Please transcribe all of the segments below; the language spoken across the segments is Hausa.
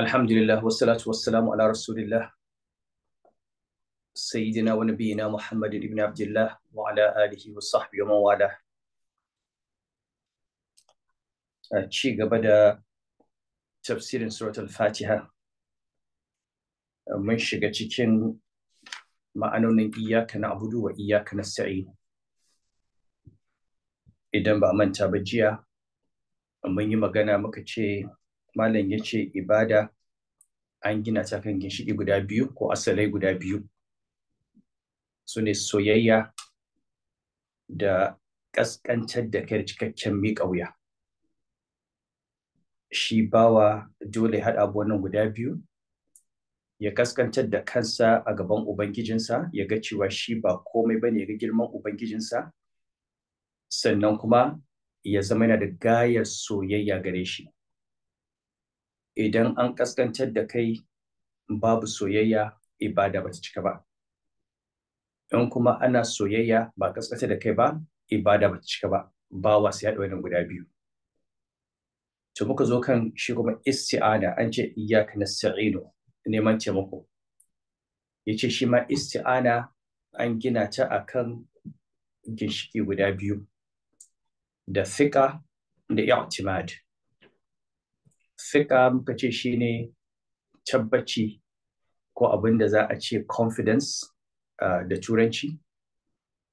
alhamdulillah wassalatu wassalamu ala rasulillah sayyidina wa nabiyina muhammad ibn abdullah wa ala alihi wa sahbihi wa mawala a ci gaba da tafsirin surat al-fatiha mun shiga cikin ma'anonin iyaka na abudu wa iyaka na sa'i idan ba manta ba jiya mun yi magana muka ce malam ya ce ibada an gina ta kan ginshiki guda biyu ko asalai guda biyu su ne soyayya da ƙasƙancar da kai cikakken miƙa wuya shi bawa dole haɗa abubuwan guda biyu ya kaskantar da kansa a gaban ubangijinsa ya ga cewa shi ba komai bane ya ga girman ubangijinsa sannan kuma ya zama yana da gayar soyayya gare shi idan an ƙasƙantar da kai babu soyayya ibada ba ta cika ba in kuma ana soyayya ba ƙasƙantar da kai ba ibada ba ta cika ba bawa sai haɗa guda biyu to muka zo kan shi kuma isti'ana an ce na nasta'inu neman taimako Ya ce shi ma isti'ana an gina ta akan ginshiki guda biyu da fiƙa da i'timad fika muka ce ne tabbaci ko abin da za a ce confidence uh, da turanci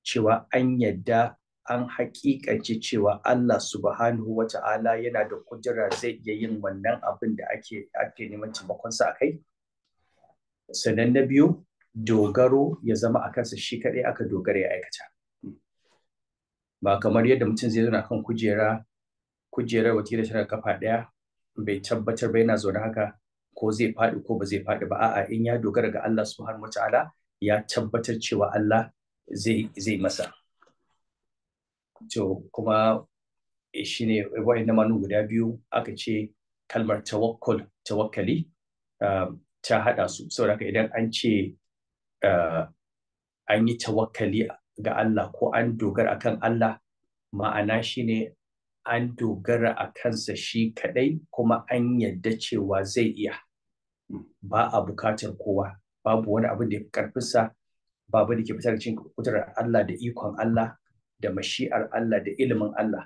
cewa an yadda an haƙiƙance cewa Allah subhanahu wa ta'ala yana da kudura zai iya yin wannan abin da ake ake neman taimakonsa a kai sannan na biyu dogaro ya zama a kansa shi kaɗai aka dogara ya aikata ba kamar yadda mutum zai zauna kan kujera kujerar wata tana kafa ɗaya bai tabbatar ba yana zaune haka ko zai faɗi ko ba zai faɗi ba a'a in ya dogara ga Allah subhanahu wataala ya tabbatar cewa Allah zai zai masa to kuma shine wa'annan manu guda biyu aka ce kalmar tawakkul tawakkali ah, ta haɗa su saboda idan an ce ah, an yi tawakkali ga Allah ko an dogara akan Allah ma'ana shine an dogara a kansa shi kadai kuma an yadda cewa zai iya ba a bukatar kowa babu wani abin da ya fi karfinsa babu da ke fitar cin kudurar Allah da ikon Allah da mashi'ar Allah da ilimin Allah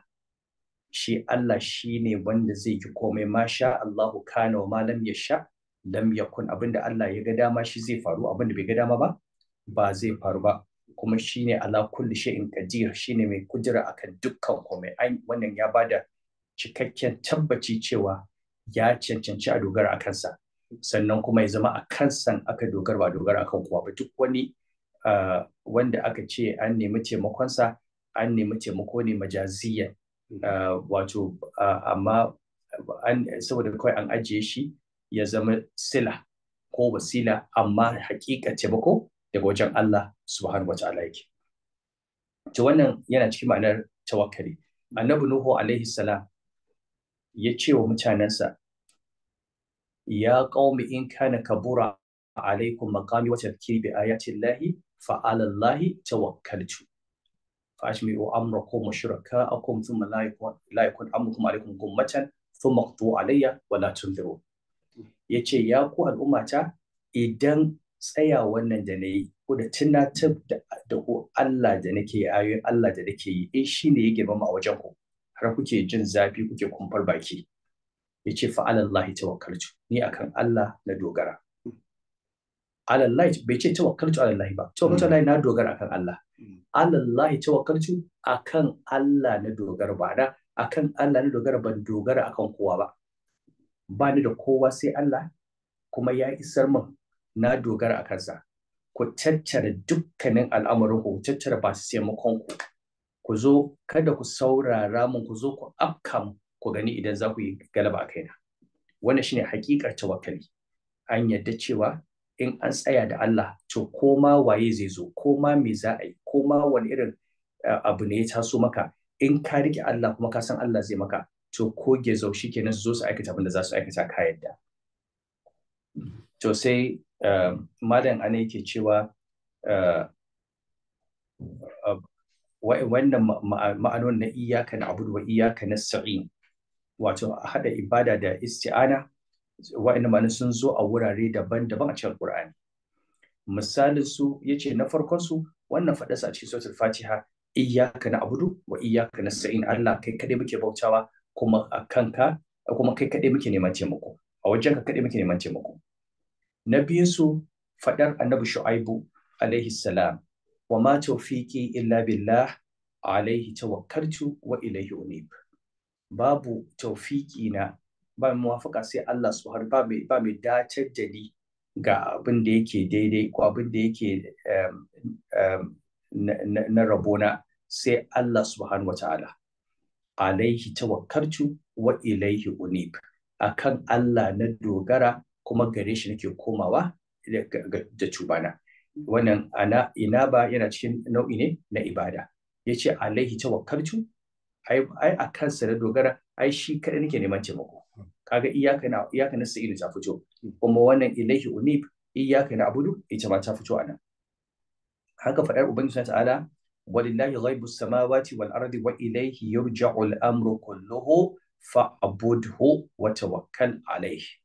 shi Allah shi ne wanda zai ki komai masha Allahu kana wa malam ya sha lam yakun abin da Allah ya ga dama shi zai faru abin da bai ga dama ba ba zai faru ba kuma shine ala kulli shay'in qadir shine mai kudura akan dukkan komai wannan ya bada cikakken tabbaci cewa ya cancanci a dogara a kansa sannan kuma ya zama a kansan aka dogara ba dogara akan kowa ba duk wani wanda aka ce an nemi taimakonsa an nemi taimako ne majaziyan wato amma saboda kawai an ajiye shi ya zama sila ko wasila amma hakika ko. daga wajen Allah subhanahu wa ta'ala yake to wannan yana cikin ma'anar tawakkali annabi nuhu alaihi salam ya ce wa mutanensa ya qaumi in kana kabura alaikum maqami wa tafkiri bi ayati llahi fa ala llahi tawakkaltu fashmi'u amrakum shuraka'akum thumma la yakun amrukum alaikum gummatan thumma qtu alayya wa la tunziru yace ya ku al'ummata idan tsaya wannan da na yi ko da tunatar da ku Allah da nake ayoyin Allah da nake yi in shi ne ya girmama a wajen ku har kuke jin zafi kuke kumfar baki ya ce fa alallahi tawakkaltu ni akan Allah na dogara alallahi bai ce tawakkaltu alallahi ba tawakkaltu alallahi na dogara akan Allah alallahi tawakkaltu akan Allah na dogara ba da akan Allah na dogara ban dogara akan kowa ba ba ni da kowa sai Allah kuma ya isar min na dogara a kansa ku tattara dukkanin al'amarin ku tattara ba su taimakon ku ku zo kada ku saurara mun ku zo ku afka ku gani idan za ku yi galaba a kaina wannan shine hakikar tawakkali an yadda cewa in an tsaya da Allah to koma waye zai zo koma me za a yi koma wani irin abu ne ya taso maka in ka rike Allah kuma ka san Allah zai maka to ko shi kenan su zo su aikata abin da za su aikata ka yadda to sai Um, malam ana yake cewa uh, uh, wannan ma'anon na iyaka na abudu wa iyaka na sa'in wato a haɗa ibada da isti'ana wa'in ma'anin sun zo a wurare daban-daban a cikin Qur'ani misalin su yace na farkon su wannan faɗa sa a cikin suratul Fatiha iyyaka na'budu wa iyyaka nasta'in Allah kai kadai muke bautawa kuma a kanka kuma kai kadai muke neman taimako a wajenka kadai muke neman taimako na biyunsu faɗar annabi shu'aibu alaihi salam wa ma tawfiqi illa billah alaihi tawakkaltu wa ilaihi unib babu tawfiqi na ba wafaka sai Allah subhanahu ba mai ba mai dacar da ni ga abin da yake daidai ko abin da yake na rabona sai Allah subhanahu wa ta'ala alaihi tawakkaltu wa ilaihi unib akan Allah na dogara kuma gare shi nake komawa da cubana mm. wannan ana ba yana cikin nau'i ne na ibada ya ce alaihi tawakkaltu ai a kansa na dogara ai shi kaɗai nake neman taimako mm. kaga iyaka na sa'idu ta fito mm. kuma wannan ilaihi unib iyaka na abudu ita ma ta fito anan haka faɗar ubangiji ta'ala walillahi ghaibu samawati wal ardi wa ilaihi yurja'u al amru kulluhu fa'budhu wa tawakkal alaihi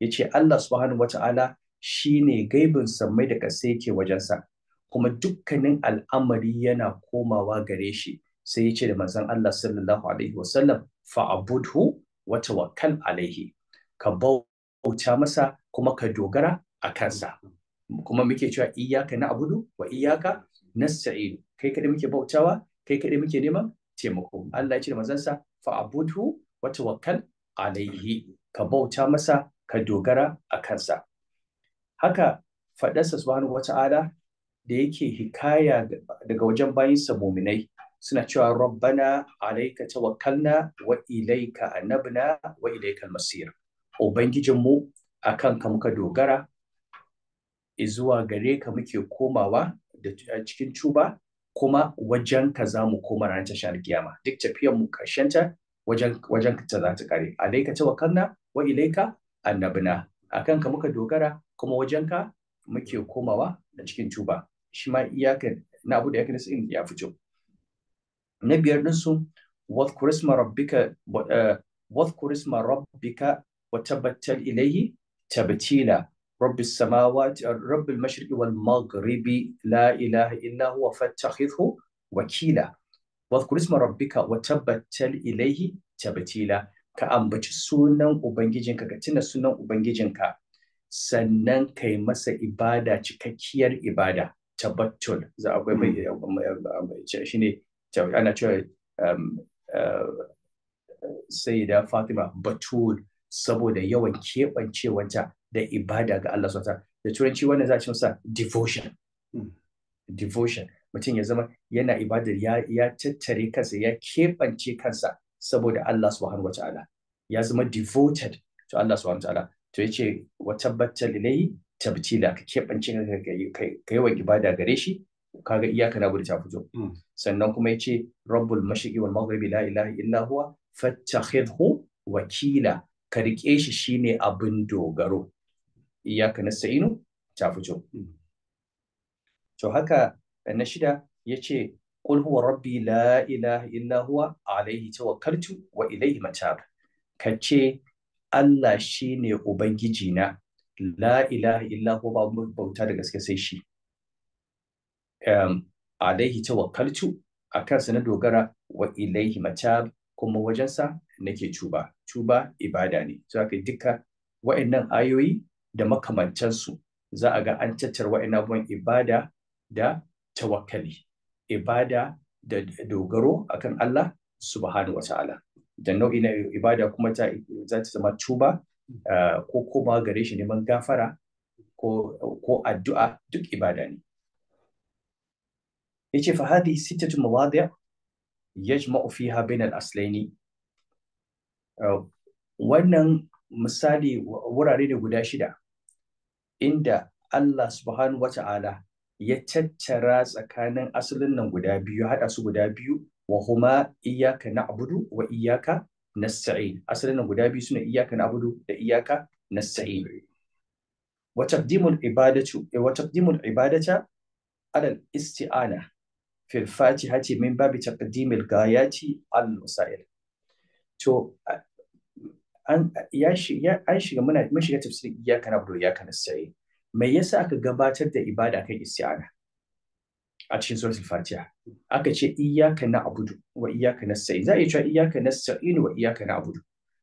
ya ce Allah subhanahu wa ta'ala shi ne gaibin sammai da ƙasa yake wajensa kuma dukkanin al'amari yana komawa gare shi sai ya ce da mazan Allah sallallahu alaihi wasallam fa'abudhu wata wakal alaihi ka bauta masa kuma ka dogara a kansa kuma muke cewa iyaka na abudu wa iyaka na nasta'inu kai kaɗai muke bautawa kai kaɗai muke neman taimako Allah ya ce da manzansa fa'abudhu wata wakal alaihi ka bauta masa ka dogara a kansa haka faɗarsa subhanahu wata'ala da yake hikaya daga wajen bayinsa muminai suna cewa rabbana alaika tawakkalna wa ilaika anabna wa ilaika almasir ubangijinmu akan ka muka dogara izuwa gare ka muke komawa da cikin cuba kuma wajen ka za mu koma ranar tashar kiyama duk tafiyar mu karshenta wajen wajen ta za ta kare alaika tawakkalna wa ilaika na a kanka muka dogara kuma wajen ka muke komawa a cikin tuba shi ma iyakar na abu da ya ya fito na biyar su, what kurisma rabbika what eh, kurisma rabbika wa tabbatal ilayhi tabtila rabbis samawati mashriqi wal maghribi la ilaha illa huwa fattakhidhu wakila wa kurisma rabbika wa tabbatal ilayhi tabtila ka ambaci sunan ubangijinka ka tuna sunan ubangijinka sannan ka yi masa ibada cikakkiyar ibada tabbatul, za akwai mai hmm. um, um, um, shi ne ana cewa uh, sai da fatima batul saboda yawan keɓancewanta da ibada ga Allah sauta da turanci wannan za a ce masa devotion hmm. devotion mutum ya zama yana ibadar ya, tattare kansa ya keɓance kansa saboda Allah subhanahu wataala ya zama devoted to Allah subhanahu wataala to yace wa tabbatal ilayhi tabtila ka kebance ka yi wa ibada gare shi kaga iyaka na gudu ta fito mm. sannan kuma yace rabbul mashriqi wal maghribi la ilaha illa huwa fattakhidhu wakila ka rike shi shine abin dogaro iyaka nasta'inu ta fito mm. to haka na shida yace qul huwa rabbi la ilaha illa huwa alaihi tawakkaltu wa ilaihi matab kace Allah shine ubangiji na la ilaha illa huwa ba bauta da gaske sai shi um alaihi tawakkaltu akan sa na dogara wa ilaihi matab kuma wajensa nake tuba tuba ibada ne so haka duka wa'annan ayoyi da makamantansu za a ga an tattara wa'annan abubuwan ibada da tawakkali ibada da dogaro akan Allah subhanahu wa ta'ala. da nau'i na ibada kuma za ta zama tuba eh, ko koma gare shi neman gafara ko addu'a duk ibada ne yace fa hadi sittatu mawadi' yajma'u fiha bain al-aslaini eh, wannan misali wurare ne guda shida inda Allah subhanahu wa ta'ala. ya tattara tsakanin asalin nan guda biyu haɗa su guda biyu wa huma iyaka na'budu wa iyaka nasta'in asalin nan guda biyu suna iyaka na'budu da iyaka nasta'in wa taqdimul ibadatu eh, wa taqdimul ibadata ala al-isti'ana fil al-fatihati min babi taqdimil gayati al-wasa'il to an ya shiga muna mun shiga tafsirin iyaka na'budu wa iyaka nasta'in me yasa aka gabatar da ibada kan isti'ana a cikin surat al-fatiha aka ce iyyaka na'budu wa iyyaka nasta'in za a iya cewa iyyaka nasta'in wa iyyaka na'budu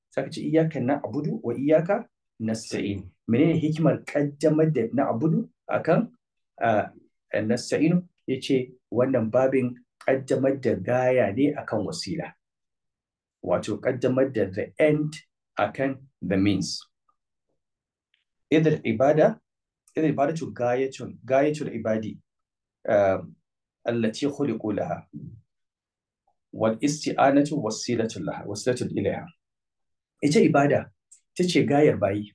sai aka ce iyyaka na'budu wa iyyaka nasta'in menene hikimar kaddamar da na'budu akan nasta'in yace wannan babin kaddamar da gaya ne akan wasila wato kaddamar da the end akan the means idan ibada Ina العبادة غاية غاية العبادة التي خلقوا لها والاستعانة وسيلة لها وسيلة ilaiha. ita ibada ta ce gayar bayi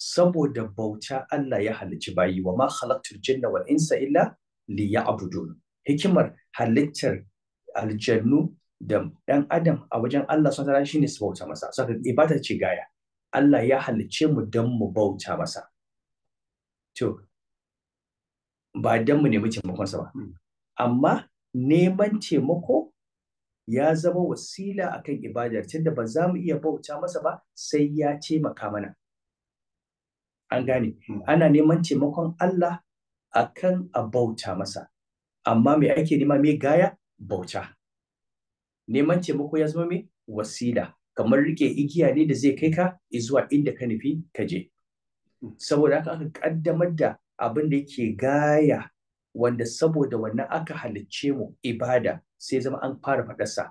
saboda bauta Allah ya halicci bayi wa ma khalaqtul jinna wal insa illa ya liya'budun hikimar halittar aljannu da ɗan adam a wajen Allah sun ne su bauta masa saboda ibada ce gaya Allah ya halicce mu don mu bauta masa to ba dan mu nemi taimakonsa ba hmm. amma neman taimako ya zama wasila akan ibadar tunda ba za mu iya bauta masa ba sai ya taimaka mana an gane hmm. ana neman taimakon Allah akan a bauta masa amma me ake nema me gaya bauta neman taimako ya zama me wasila kamar rike igiya ne da zai kai ka zuwa inda ka nufi ka je saboda haka aka kaddamar da abin da yake gaya wanda saboda wannan aka halicce mu ibada sai zama an fara faɗarsa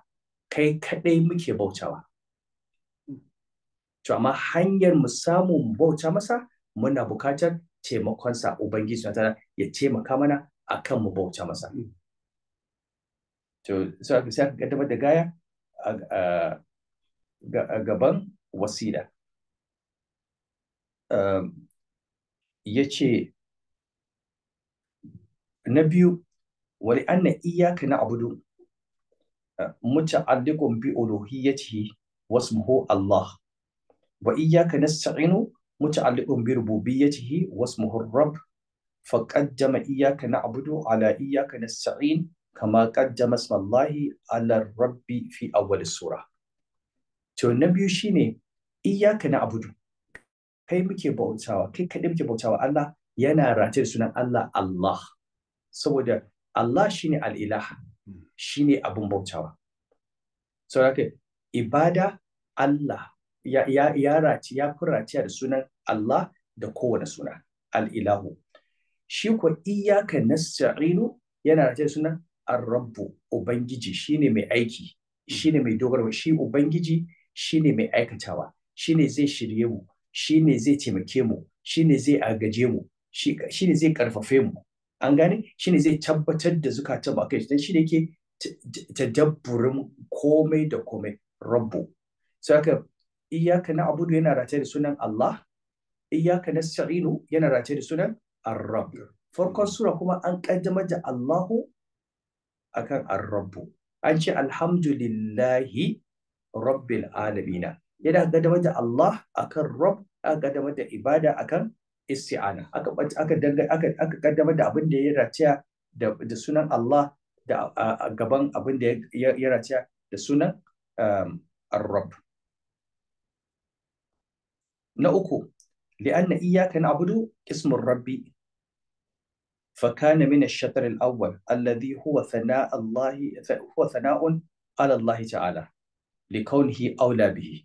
kai kaɗai muke bautawa to amma hanyar mu samu mu bauta masa muna bukatar taimakonsa ubangiji na ya taimaka mana akan mu bauta masa to sai aka kaddamar da gaya a gaban wasila Ehm, ya ce na biyu wani an na iyaka na abudu ehm, muta'addiqun bi wasu muhu Allah wa iyyaka nasta'inu muta'alliqun bi rububiyyatihi wasmuhu Rabb فقدم إياك نعبد على إياك نستعين كما قدم اسم الله على الرب في أول sura. to na biyu shine na abudu. kai muke bautawa kai kaɗai muke bautawa Allah yana da sunan Allah Allah saboda Allah shine al'ilah shine abun bautawa saboda ibada Allah ya ya ya ya fi da sunan Allah da kowane suna al'ilahu shi ko iyyaka nasta'inu yana raciya da sunan ar-rabbu ubangiji shine mai aiki shine mai dogarwa shi ubangiji shine mai aikatawa shine zai shirye mu shi ne zai taimake mu shi ne zai agaje mu shi ne zai karfafe mu an gane shi ne zai tabbatar da zukata ba kai shi ne ke tadabburin komai da komai rabbu sai haka iyaka na abudu yana rataye da sunan Allah iyaka na sa'inu yana rataye da sunan arrab farkon sura kuma an kaddamar da Allahu akan arrabu an ce alhamdulillahi rabbil alamina yana kaddamar da Allah akan Rob aka kaddamar da ibada akan isti'ana aka aka danga aka aka da abin da ya rataya da da sunan Allah da gaban abin da ya raciya da sunan um, Ar-Rabb na uku li'anna iyyaka na'budu ismur rabbi فكان من الشطر الأول الذي هو ثناء الله هو ثناء على الله تعالى لكونه أولى به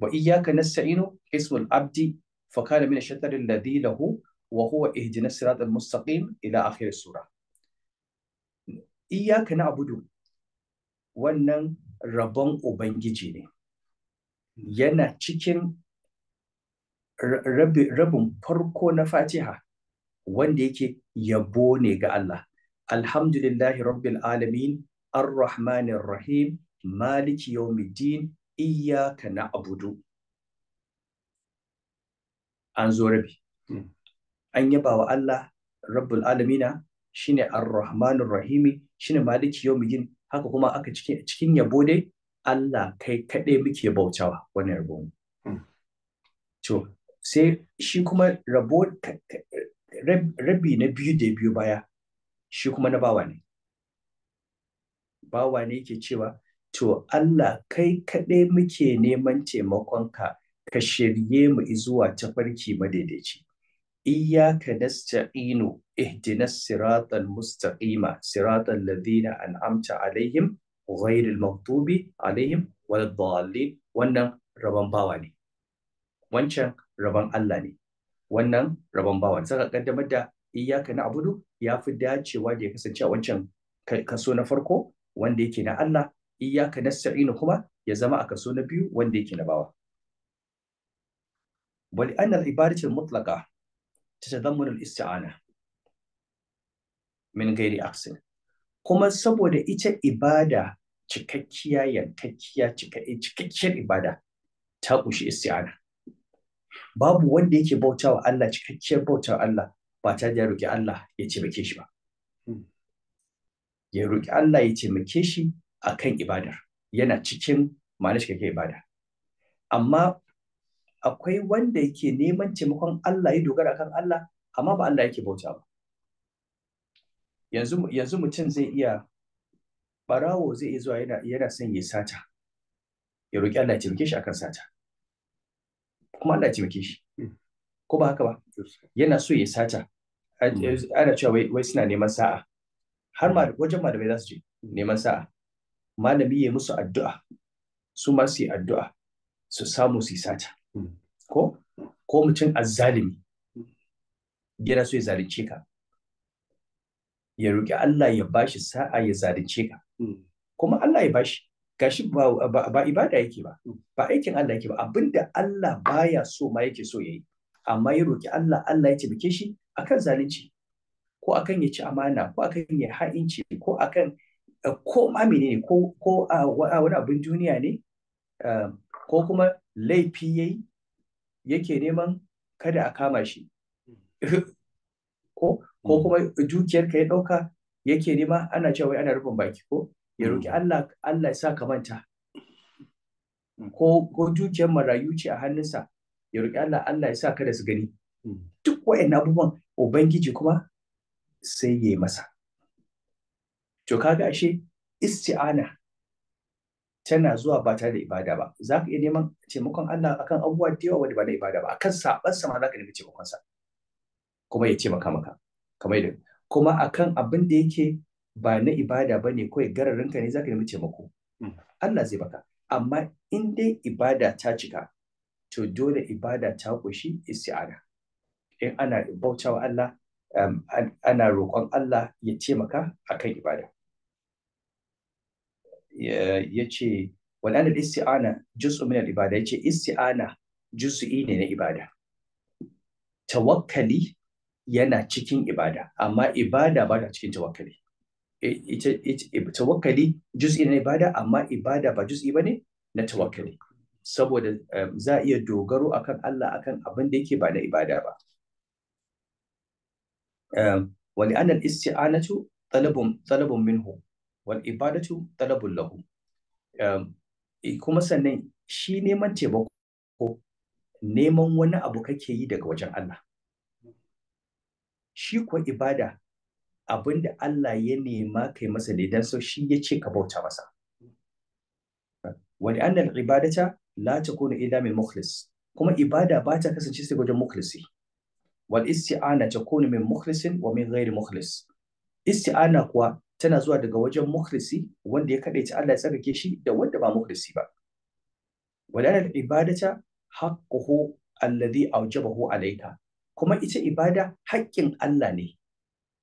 wa iyyaka nasta'inu ismul abdi fa kana min ash-shattari alladhi lahu wa huwa ihdina siratal mustaqim ila akhir sura iyyaka na'budu wannan rabon ubangiji ne yana cikin rabin farko na fatiha wanda yake yabo ne ga Allah Alhamdu rabbil alamin ar rahim maliki yawmiddin iyyaka na'budu an zo rabi hmm. an yaba wa Allah rabbul alamina shine ar-rahmanur rahimi shine maliki yawmiddin haka kuma aka cikin cikin yabo dai Allah kai kaɗai muke bautawa wannan yabo hmm. to sai shi kuma rabo rabi na biyu da biyu baya shi kuma na bawa ne bawa ne yake cewa To Allah kai kaɗai muke neman taimakon ka shirye mu zuwa tafarki madaidaici. Iyaka nasta'inu ihdinas siratal mustaqima siratal ladina an'amta alaihim ghairil maghdubi alaihim waladdallin wannan rabon bawa ne. Wancan rabon Allah ne. Wannan rabon bawa. Saka kaddamar da iyaka na abudu ya fi dacewa da ya kasance a wancan kaso na farko wanda yake na Allah iyyaka nasta'inu kuma ya zama a kaso na biyu wanda yake na bawa bali anna al mutlaka al-mutlaqa tatadammanu al-isti'ana min ghairi aqsin kuma saboda ita ibada cikakkiya yankakkiya cikakkiyar ibada ta ƙunshi isti'ana babu wanda yake bautawa Allah cikakkiyar bautawa Allah ba ta da roƙi Allah ya taimake shi ba hmm. ya roƙi Allah ya taimake shi a kan ibadar yana cikin ma'anar shi ibada amma akwai wanda yake neman taimakon Allah ya dogara kan Allah amma ba Allah yake bauta ba yanzu yanzu mutum zai iya barawo zai iya zuwa yana yana son ya sata ya roki Allah ya taimake shi akan sata kuma Allah ya taimake shi hmm. ko ba haka ba yana so ya sata hmm. ana cewa wai suna neman sa'a har ma hmm. wajen malamai za su je neman sa'a malami ya musu addu'a su ma su yi addu'a su samu su sata hmm. ko ko mutum azzalimi yana so ya zalunce ka ya roƙi Allah ya bashi sa'a ya zalunce ka hmm. kuma Allah ya bashi gashi ba, ba, ibada yake ba hmm. ba aikin Allah yake ba abinda Allah baya so ma yake so yayi amma ya roki Allah Allah ya taimake shi akan zalunci ko akan ya ci amana ko akan ya ha'inci ko akan Eh, ko ma ne ko ko wani abin duniya ne eh, ko kuma laifi yayi yake neman kada a kama shi ko mm. kuma dukiyar ka ya dauka yake nema ana cewa ana rufin baki ko ya roki mm. Allah Allah ya sa ka manta mm. ko ko dukiyar marayu ce a hannunsa ya roki Allah Allah ya sa kada su gani duk wayannan abubuwan ubangiji kuma sai ya masa to kaga ashe isti'ana tana zuwa ba tare da ibada ba za ka iya neman taimakon Allah akan abubuwa da yawa wanda ba na ibada ba akan saban sa ma za ka nemi taimakon sa kuma ya taimaka maka kamar yadda kuma akan abin da yake ba na ibada ba ne kawai gararin ka ne za ka nemi taimako mm. Allah zai baka amma in dai ibada ta cika to dole ibada ta ƙunshi isti'ana in ana bautawa Allah um, ana roƙon Allah ya taimaka akan ibada ya ce wal'anar isti'ana juz'u min ibada ya ce isti'ana juz'i ne na ibada Tawakali yana cikin ibada amma ibada ba ta cikin tawakkali e, tawakkali juz'i na ibada amma ibada ba juz'i ba ne na tawakkali saboda um, za a iya dogaro akan Allah akan abin da yake ba na ibada ba um, wali anal isti'anatu talabun minhu wal ibadatu talabul lahu ehm, eh, kuma sannan shi neman taimako neman wani abu kake yi daga wajen Allah shi kuwa ibada abinda Allah ya nema kai masa ne dan so shi ya ce ka bauta masa wani annal ibadata la takunu illa min mukhlis kuma ibada ba ta kasance sai wajen mukhlisi wal isti'ana takunu min mukhlisin wa min ghairi mukhlis isti'ana kuwa tana zuwa daga wajen mukhlisi wanda ya kadaici Allah ya tsarkake shi da wanda ba mukhlisi ba wadana ibadata haqquhu alladhi awjabahu alayka kuma ita ibada haƙƙin Allah ne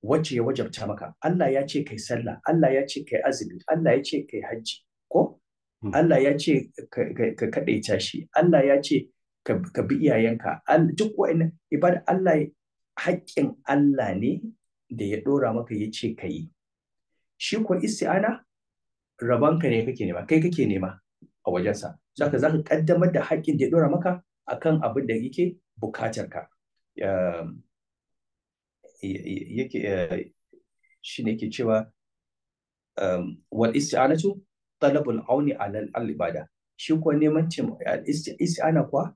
wacce ya wajabta maka Allah ya ce kai sallah Allah ya ce kai azumi Allah ya ce kai hajji ko hmm. Allah ya ce ka kadaita shi Allah ya ce ka bi iyayenka duk wa'annan ibada Allah haƙƙin Allah ne da ya ɗora maka ya ce ka yi shi ko isti'ana rabanka ne kake nema kai kake nema a wajensa saka zaka kaddamar da haƙƙin da ya dora maka akan abin da yake bukatar ka ehm, yake eh, shi ne yake cewa ehm, wal isti'anatu talabul auni ala al ibada shi ko neman taimako isti'ana kuwa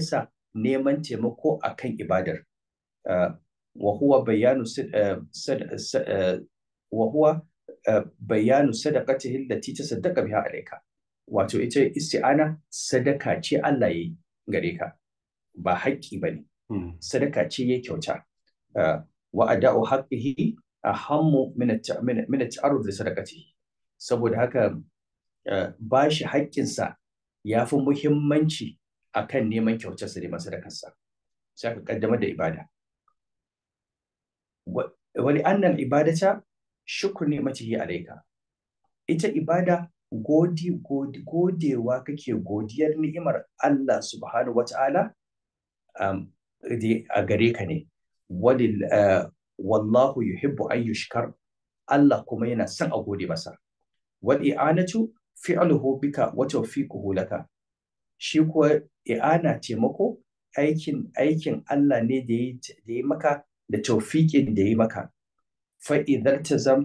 sa neman taimako akan ibadar eh, wa huwa bayanu eh, wa huwa eh, bayanu sadaqatihi allati tasaddaqa biha alayka wato ita isti'ana sadaka ce Allah yayi gare ka ba haƙƙi bane hmm. sadaka ce ya kyauta eh, wa ada'u haqqihi ahammu min min ta'arrud li sadaqatihi saboda haka eh, bashi haƙƙinsa ya fi muhimmanci akan neman kyautar kyautarsa neman sadakarsa sai ka kaddamar da ibada Wani annan ibadata shukur ne mace alaika ita ibada godi godi godewa kake godiyar ni'imar Allah subhanahu wata'ala um, a gare ka ne eh, wallahu yuhibbu an yushkar Allah kuma yana son a gode masa wal i'anatu fi'luhu bika wa tawfiquhu laka shi kuwa i'ana taimako aikin Allah ne da ya maka da tawfiqin da ya maka fa idhal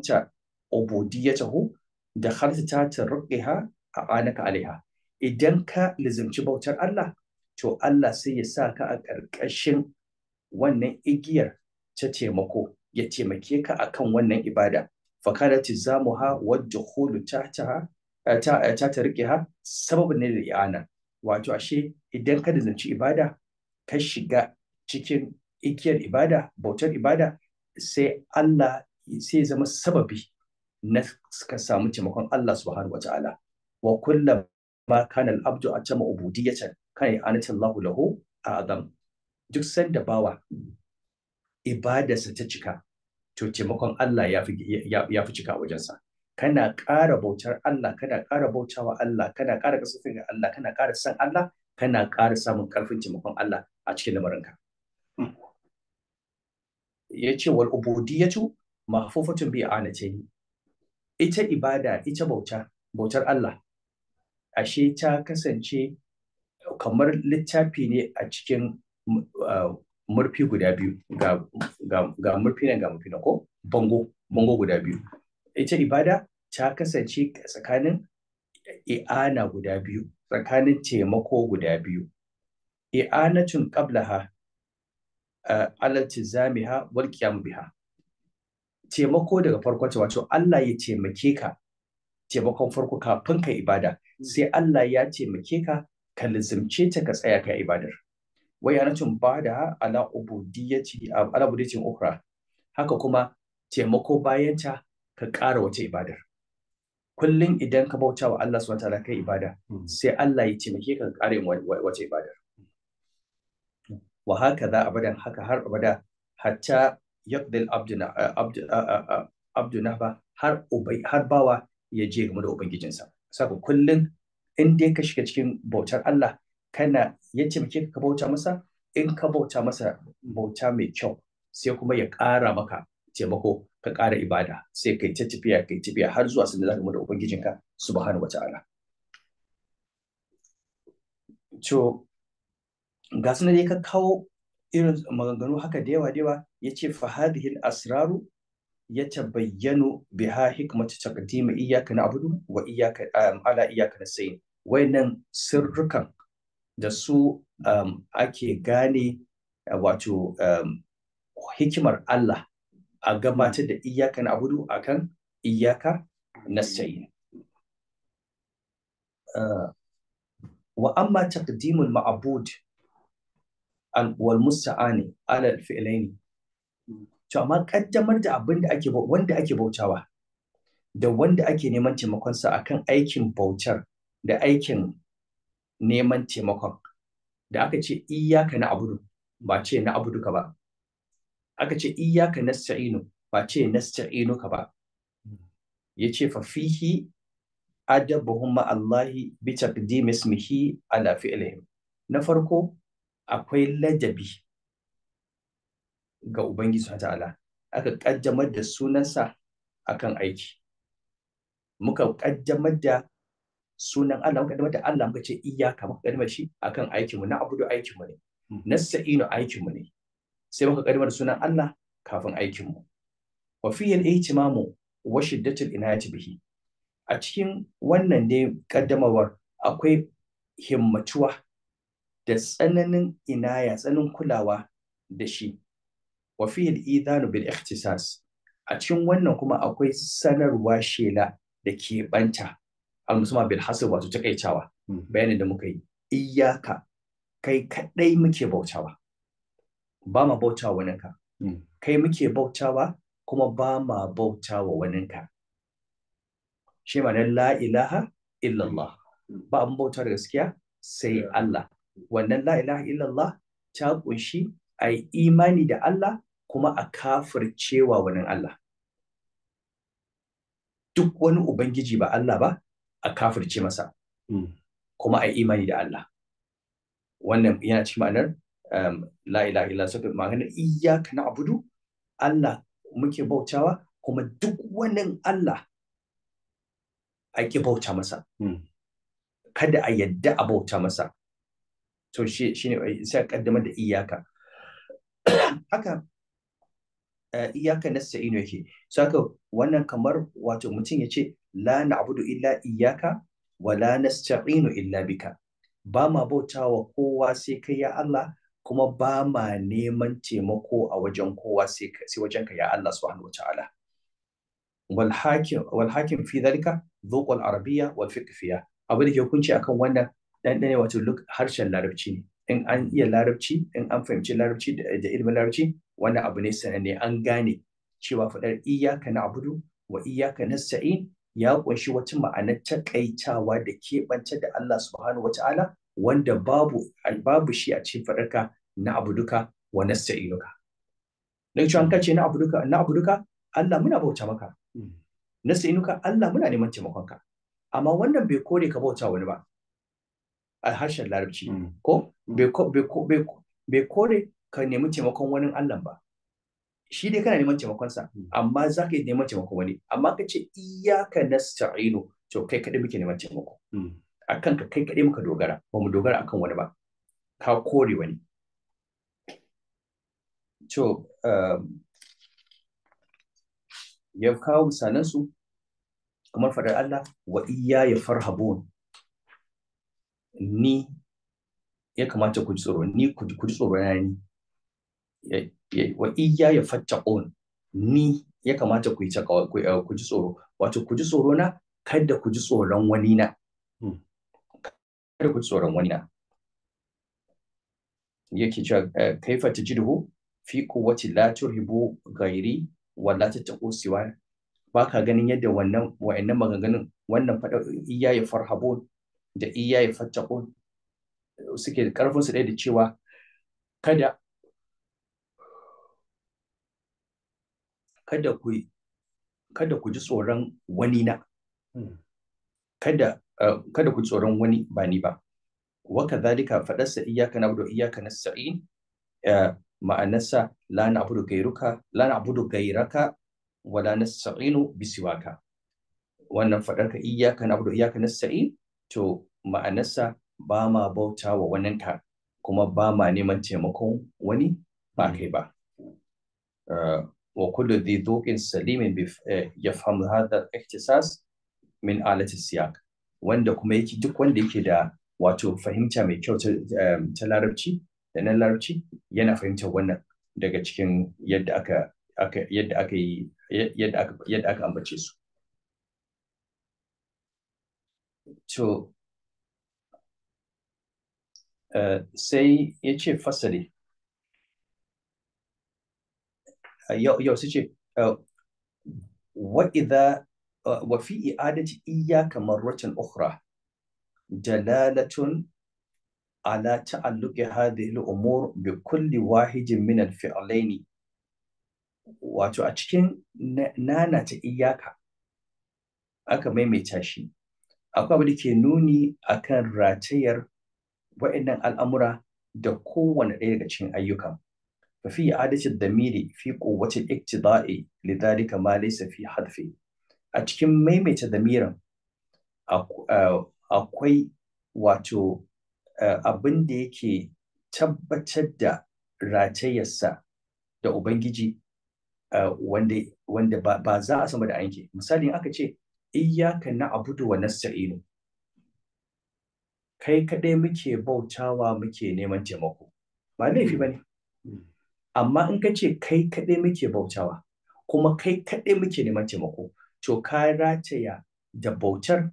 ya ubudiyatahu da kharta ta ruqiha a anaka alaiha idan ka lizimci bautar Allah to Allah sai ya sa ka a ƙarƙashin wannan igiyar ta taimako ya taimake ka akan wannan ibada fakana tizamuha wadda hulu eh, eh, ta ta rike ha sababin ne da i'ana wato ashe idan ka lizimci ibada ka shiga cikin igiyar ibada bautar ibada sai Allah sai zama sababi na ka samu taimakon Allah subhanahu wataala wa kulla ma kana al-abdu atama ubudiyatan kana anata Allah lahu adam duk sanda bawa ibadarsa ta cika to taimakon Allah ya fi ya fi cika wajensa kana ƙara bautar Allah kana ƙara bautawa Allah kana ƙara kasafin ga Allah kana ƙara san Allah kana ƙara samun ƙarfin taimakon Allah a cikin lamarinka hmm. ya ce wal ubudiyatu mahfufatun bi yi. ita ibada ita bauta bautar Allah ashe ta kasance kamar littafi ne a cikin murfi guda biyu ga murfi nan ga murfi nan ko bango bango guda biyu ita ibada ta kasance tsakanin i'ana guda biyu tsakanin taimako guda biyu i'anatun qablaha ala tizamiha wal qiyam biha taimako daga farkon wato Allah ya taimake ka taimakon farko kafin ka ibada hmm. sai Allah ya taimake ka ka lizimce ta ka tsaya ka ibadar wai ba bada ala ubudiyyati ala ubudiyyatin ukra haka kuma taimako bayan ta ka ƙara wata ibadar kullum idan ka bauta wa Allah subhanahu wataala kai ibada hmm. sai Allah ya taimake ka ƙara wata ibadar hmm. wa haka za bada haka har abada hatta yaqdil abdu ba har ubai har bawa ya je game da Sa saka kullun in dai ka shiga cikin bautar Allah kana ya muke ka bauta masa in ka bauta masa bauta mai kyau sai kuma ya ƙara maka taimako ka ƙara ibada sai kai ta tafiya kai tafiya har zuwa sanda da ka da ubangijinka subhanahu wata'ala to ga su dai ka kawo irin maganganu haka da yawa da yawa ya ce fahadihin asraru ya bayyano biha hikmatu iyaka na abudu wa iyaka ala iyyaka Wai wayannan sirrukan da su ake gane wato hikimar Allah a gabatar da iyyaka abudu akan na sayin ah, wa amma taqdimul ma'bud walmusta'ani musta'ani ala fi'laini to amma kaddamar da abin da ake wanda ake bautawa da wanda ake neman taimakon sa akan aikin bautar da aikin neman taimakon da aka ce iyyaka na abudu ba ce na abudu ka ba aka ce iyyaka nasta'inu ba ce ka ba yace fa fihi adabuhum ma'allahi bi taqdim ismihi ala fi'lihim na farko akwai ladabi ga Ubangiji Subhanahu ta'ala aka ƙaddamar da sunansa akan aiki muka ƙaddamar da sunan Allah muka ƙaddamar da Allah muka ce iyaka muka ƙaddamar shi akan aikinmu na abudu aikinmu ne na hmm. nasta'inu aikinmu ne sai muka ƙaddamar sunan Allah kafin aikinmu wa fi yal ihtimamu wa shiddatul inayati bihi a cikin wannan ne ƙaddamarwar akwai himmatuwa da tsananin inaya tsananin kulawa da shi wa fihil idanu bil ikhtisas a cikin wannan kuma akwai sanarwa shela da keɓanta al musamman bil hasib wato takaitawa hmm. bayanin da muka yi iyaka kai kadai muke bautawa ba ma bautawa waninka hmm. kai muke bautawa kuma ba ma bautawa waninka shi ma la ilaha illallah hmm. ba an bauta da gaskiya sai Allah wannan la ilaha illallah ta kunshi a yi imani da Allah kuma a kafircewa wani Allah duk wani ubangiji ba Allah ba a kafirce masa hmm. kuma a yi imani da Allah wannan yana cikin ma'anar um, la ilaha illallah, sabbin ma'anar na abudu. Allah muke bautawa kuma duk wani Allah a bauta masa hmm. kada a yadda a bauta masa to shi shine sai kaddamar da iyaka haka eh, iyaka Sa'inu yake so haka wannan kamar wato mutum ya ce la na'budu illa iyaka wa la nasta'inu illa bika ba ma bautawa kowa sai kai ya Allah kuma ba ma neman taimako a wajen kowa sai wajen ka ya Allah subhanahu wa ta'ala wal hakim fi dhalika dhuqul arabiyya wal fiqh fiya abin da ke hukunci akan wannan ɗanɗanewa wato duk harshen larabci ne in an iya larabci in an fahimci larabci da ilimin larabci wani abu ne sananne an gane cewa faɗar iyaka na abudu wa iyaka na sa'i ya ƙunshi wata ma'anar taƙaitawa da keɓanta da Allah subhanahu wa ta'ala wanda babu babu shi a cikin faɗarka na abuduka wa nasta'inuka don cewa an kace na abuduka na abuduka Allah muna bauta maka hmm. Na sa'i ka Allah muna neman taimakonka amma wannan bai kore ka bauta wani ba a harshen larabci mm. Mm. ko bai kore ka nemi taimakon wani allah ba shi dai kana neman taimakonsa mm. amma za ka yi neman taimakon wani amma ka ce iyaka nasta'inu to kai kaɗai muke neman taimako akan ka kai kaɗai muka dogara ba mu dogara akan wani ba ka kore wani to um, ya kawo misalansu kamar faɗar Allah wa iya ya farhabun ni ya kamata ku ji tsoro ni ku ji tsoro na ni wa iya ya fatta on ni ya kamata ku yi eh, ku ji tsoro wato ku ji tsoro na kada ku ji tsoron wani na hmm. kada ku ji tsoron wani na yake cewa eh, kaifa tajidhu fi quwwati la turhibu ghairi wa la tattaqu siwa baka ganin yadda wannan wa'annan maganganun wannan fada iya ya farhabun da e iyaye fattakun suke da karfin su ɗaya da cewa kada kada ku kada ku ji tsoron wani na hmm. kada eh, kada ku tsoron wani ba ni ba wa kadhalika fadarsa iyyaka na'budu wa iyyaka nasta'in eh, ma'anarsa la na'budu gairuka la na'budu gairaka wa la nasta'inu bisiwaka wannan fadarka iyyaka na'budu wa iyyaka nasta'in to ma'anarsa ba ma bauta wa waninka kuma ba ma neman taimakon wani ba hmm. kai ba uh, wa kullu dhi dhuqin salimin eh, ya fahimu al-ihtisas min alati siyak. wanda kuma yake duk wanda yake da wato fahimta mai kyau ta um, larabci da na larabci yana fahimta wannan daga cikin yadda aka yadda aka yi yadda aka ambace su Eh, sai ya ce fasali eh, yau su ce eh, wa'idha wa fi i'adati iyyaka marratan ukhra dalalatun ala ta'alluqi hadhihi al-umur bi kulli wahidin min al-fi'laini wato a cikin nana ta iyaka aka maimaita shi akwai abin da ke nuni a kan ratayar wa'annan al'amura da kowane ɗaya daga cikin ayyukan ya fi da damiri fi quwwati iktida'i lidhalika ma laisa fi hadfi a cikin maimaita miran eh, akwai wato eh, abin da yake tabbatar da ratayarsa da ubangiji eh, wanda ba za a sama da anke misali aka ce iyyaka na'budu wa nasta'inu kai kadai muke bautawa muke neman taimako ba laifi bane amma in ka ce kai kadai muke bautawa kuma kai kadai muke neman taimako to ka rataya da bautar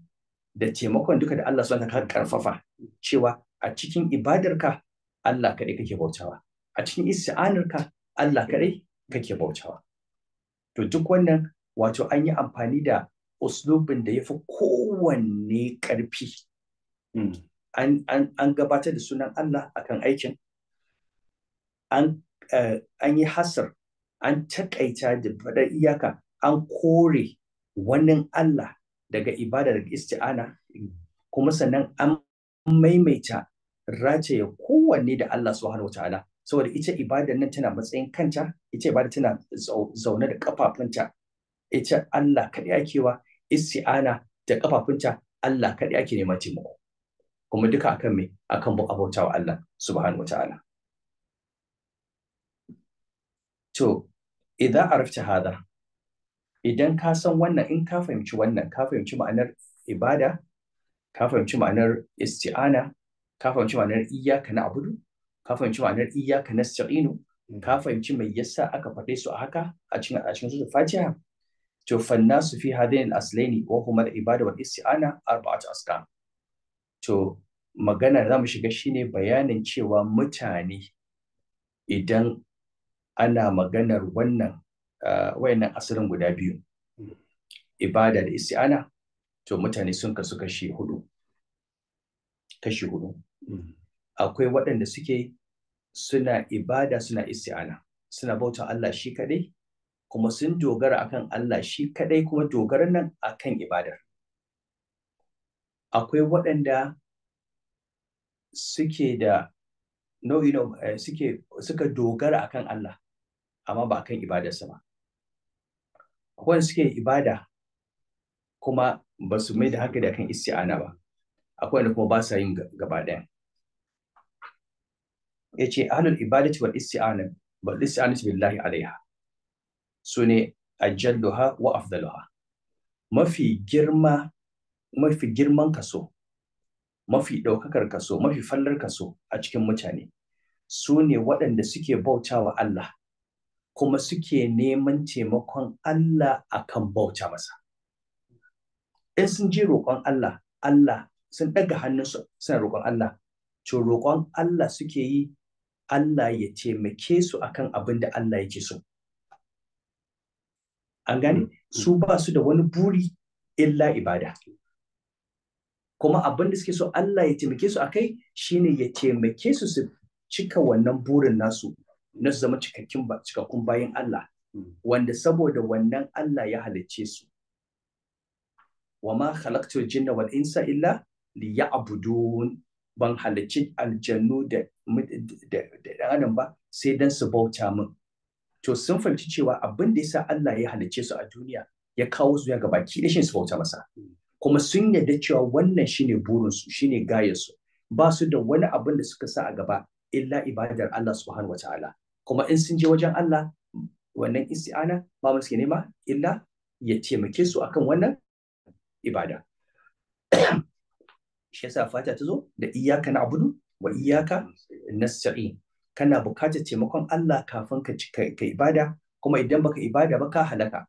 da taimakon duka da Allah subhanahu ka karfafa cewa a cikin ibadarka Allah kaɗai kake bautawa a cikin isti'anarka Allah kaɗai kake bautawa to duk wannan wato an yi amfani da uslubin da ya fi kowanne ƙarfi hmm. an gabatar da sunan Allah akan aikin an eh, yi hasar an takaita da faɗar iyaka an kore wannan Allah daga ibada daga isti'ana kuma sannan an maimaita rataye kowanne da Allah subhanahu ta'ala saboda ita ibada nan tana matsayin kanta ita ibada tana zaune da kafafunta ita Allah kaɗai akewa isti'ana da kafafunta Allah kaɗai ake neman taimako kuma duka akan me akan bu abota wa Allah subhanahu wataala to idan arafta hada idan ka san wannan in ka fahimci wannan ka fahimci ma'anar ibada ka fahimci ma'anar isti'ana ka fahimci ma'anar iyyaka abudu, ka fahimci ma'anar iyyaka nasta'inu ka fahimci mai yasa aka faɗe su a haka a cikin a fatiha to nasu fi hadin al-aslaini wa huma al-ibada wal isti'ana arba'atu to magana da mu shiga shine bayanin cewa mutane idan ana maganar wannan ah, wayannan asirin guda biyu ibada da isti'ana to mutane sun kasu kashi hudu kashi hudu akwai waɗanda suke suna ibada suna isti'ana suna bauta Allah shi kaɗai kuma sun dogara akan Allah shi kadai kuma dogaran nan akan ibadar akwai waɗanda suke da no you know suke suka dogara akan Allah amma ba akan ibadarsa ba akwai suke ibada kuma ba su mai da da akan isti'ana ba akwai wanda kuma ba sa yin gaba ɗaya yace ahlul ibadati wal isti'ana wal isti'anatu billahi alaiha su ne ajalluha wa afdaluha mafi girma mafi girman kaso mafi ɗaukakar kaso mafi fallar kaso a cikin mutane su ne waɗanda suke bauta wa Allah kuma suke neman taimakon Allah akan bauta masa in sun je roƙon Allah Allah sun ɗaga hannunsu suna roƙon Allah to roƙon Allah suke yi Allah ya taimake su akan abin da Allah yake so an gane su ba su da wani buri illa ibada kuma abin da suke so Allah ya taimake su akai shine ya taimake su su cika wannan burin nasu na su zama cikakkin cikakkun bayan Allah wanda saboda wannan Allah ya halicce su wa ma khalaqtul jinna wal insa illa liya'budun ban halicci aljannu da da adam ba sai dan su bauta min to sun fahimci cewa abin da yasa Allah ya halicce su a duniya ya kawo su ya gaba ki dashin su bauta masa kuma sun yarda cewa wannan shine burin su shine gayar su ba su da wani abin da suka sa a gaba illa ibadar Allah subhanahu wataala kuma in sun je wajen Allah wannan isti'ana ba mu suke nema illa ya taimake su akan wannan ibada shi yasa fata ta zo da iyaka na abudu wa iyyaka nasta'in kana bukatar taimakon Allah kafin ka ka ibada kuma idan baka ibada ba ka halaka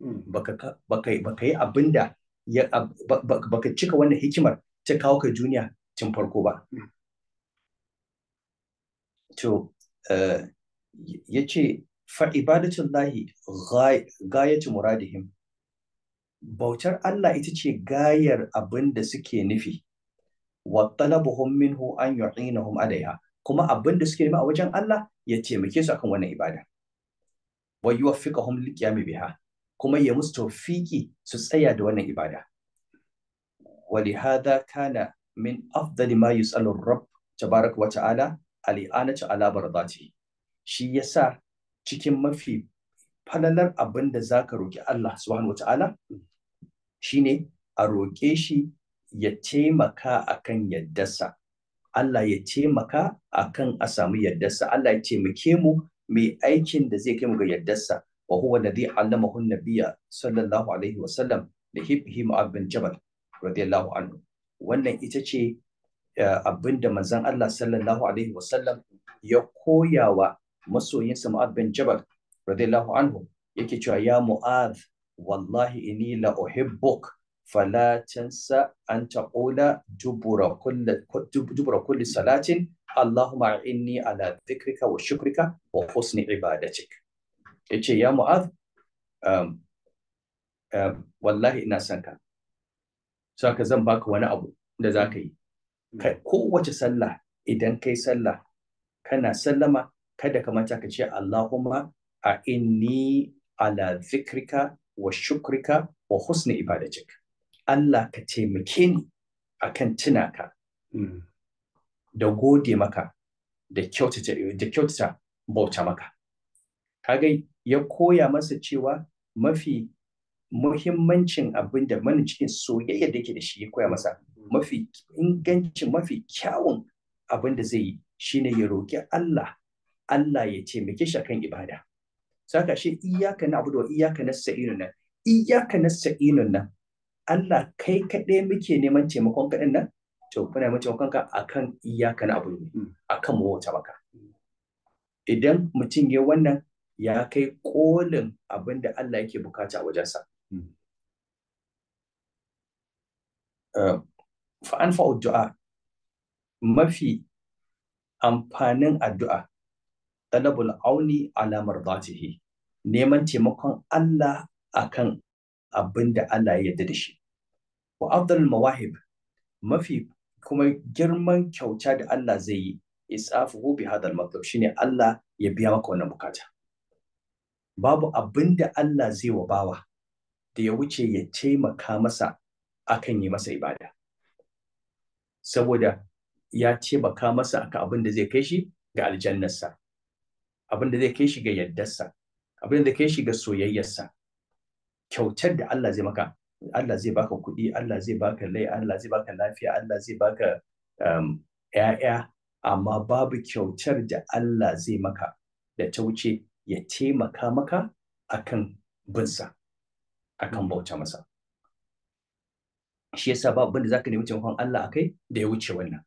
hmm. baka baka yi abinda baka cika wannan hikimar ta kawo ka duniya tun farko ba hmm. to eh, yace fa ibadatullahi gayatu muradihim bautar Allah ita ce gayar abinda suke nufi wa talabuhum minhu an yu'inahum alaiha kuma abin da suke nema a wajen Allah ya taimake su akan wannan ibada wa yuwaffiqahum liqiyami biha kuma ya musu tawfiki su tsaya da wannan ibada wa hadha kana min afdali ma yusallu rabb tabarak wa ta'ala al'anatu ala barzati shi yasa cikin mafi falalar abin da zaka roki Allah subhanahu wa ta'ala shine a roke shi ya taimaka akan yaddarsa Allah ya taimaka akan a samu yardarsa Allah ya taimake mu mai aikin da zai kai mu ga yardarsa wa huwa alladhi allamahu nabiyya sallallahu alaihi wa sallam da hibhi mu'ab bin jabal radiyallahu anhu wannan ita ce eh, abinda manzon Allah sallallahu alaihi wa sallam ya koyawa masoyinsa mu'ab Abin jabal radiyallahu anhu yake cewa ya mu'ad wallahi inni la uhibbuk Falatansa tansa an taqula dubura kulli dubura kulli salatin inni ala dhikrika wa shukrika wa husni ibadatik yace ya mu'adh um, um, wallahi ina son ka saka zan baka wani abu da zaka ka yi kowace sallah idan kai sallah kana sallama kada ka manta ka ce Allahumma a inni ala zikrika wa shukrika wa husni ibadatik Allah ka taimake ni a kan tuna ka mm. da gode maka da kyautata bauta maka. Kagai ya koya masa cewa mafi muhimmancin abin da mana cikin soyayya da ke da shi ya koya masa mm. mafi ingancin mafi kyawun abin da zai yi shine ya roƙi Allah Allah ya taimake shi kan ibada. Saka shi iyaka na abu iyaka na sa'inun nan iyaka na sa'inun nan Allah kai kaɗai muke neman taimakon kaɗin nan to kuna neman taimakon ka akan iyaka na abu ne mm. akan mu wata baka idan mutum ya wannan ya kai ƙolin abin da Allah yake bukata a wajensa fa'an mm. eh, fa'ud du'a mafi amfanin addu'a talabul auni ala mardatihi neman taimakon Allah akan abin Allah ya yarda da shi wa afdalul mawahib mafi kuma girman kyauta da Allah zai yi isafuhu bi hadal matlab shine Allah ya biya maka wannan bukata babu abinda Allah zai wa bawa da ya wuce ya taimaka masa akan yi masa ibada saboda ya taimaka masa akan abin da zai kai shi ga aljannarsa abin da zai kai shi ga yardarsa abin da zai kai shi ga soyayyarsa kyautar da Allah zai maka Allah zai baka kuɗi Allah zai baka lai Allah zai baka lafiya Allah zai baka ‘ya'ya um, amma babu kyautar da Allah zai maka da ta wuce ya taimaka maka akan binsa akan mm. bauta masa shi yasa babu abin da zaka nemi taimakon Allah akai da ya wuce wannan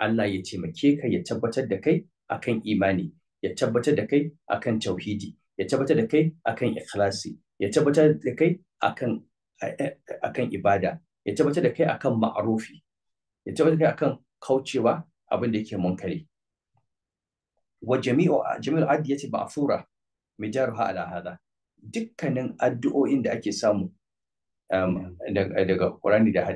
Allah ya taimake ka ya tabbatar da kai akan imani ya tabbatar da kai akan tauhidi ya tabbatar da kai akan ikhlasi ya tabbatar da kai akan akan ibada ya tabbatar da kai akan ma'arufi ya tabbatar da kai akan kaucewa abin da yake munkari wa jami'u jami'ul adiyati ba'thura mijaruha ala hada dukkanin addu'o'in da ake samu um, daga Qur'ani da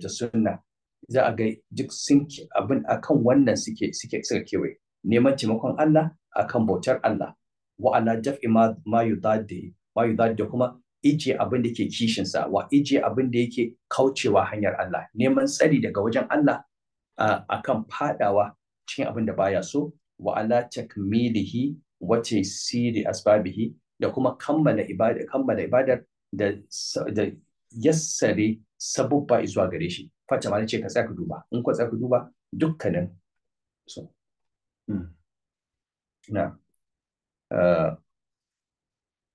da sunna za a ga duk sun abin akan wannan suke suke suka kewaye neman taimakon Allah akan bautar Allah wa ala daf'i ma ma yudaddi wa da kuma ije abin da ke kishinsa, wa ije abin da yake kaucewa hanyar Allah neman tsari daga wajen Allah a kan fadawa cikin abin da baya so wa ala takmilihi wa tasiri asbabihi da kuma kammala ibada kammala ibadar da da yassare sabubba zuwa gare shi fata ce ka tsaka duba in ka tsaka duba dukkanin so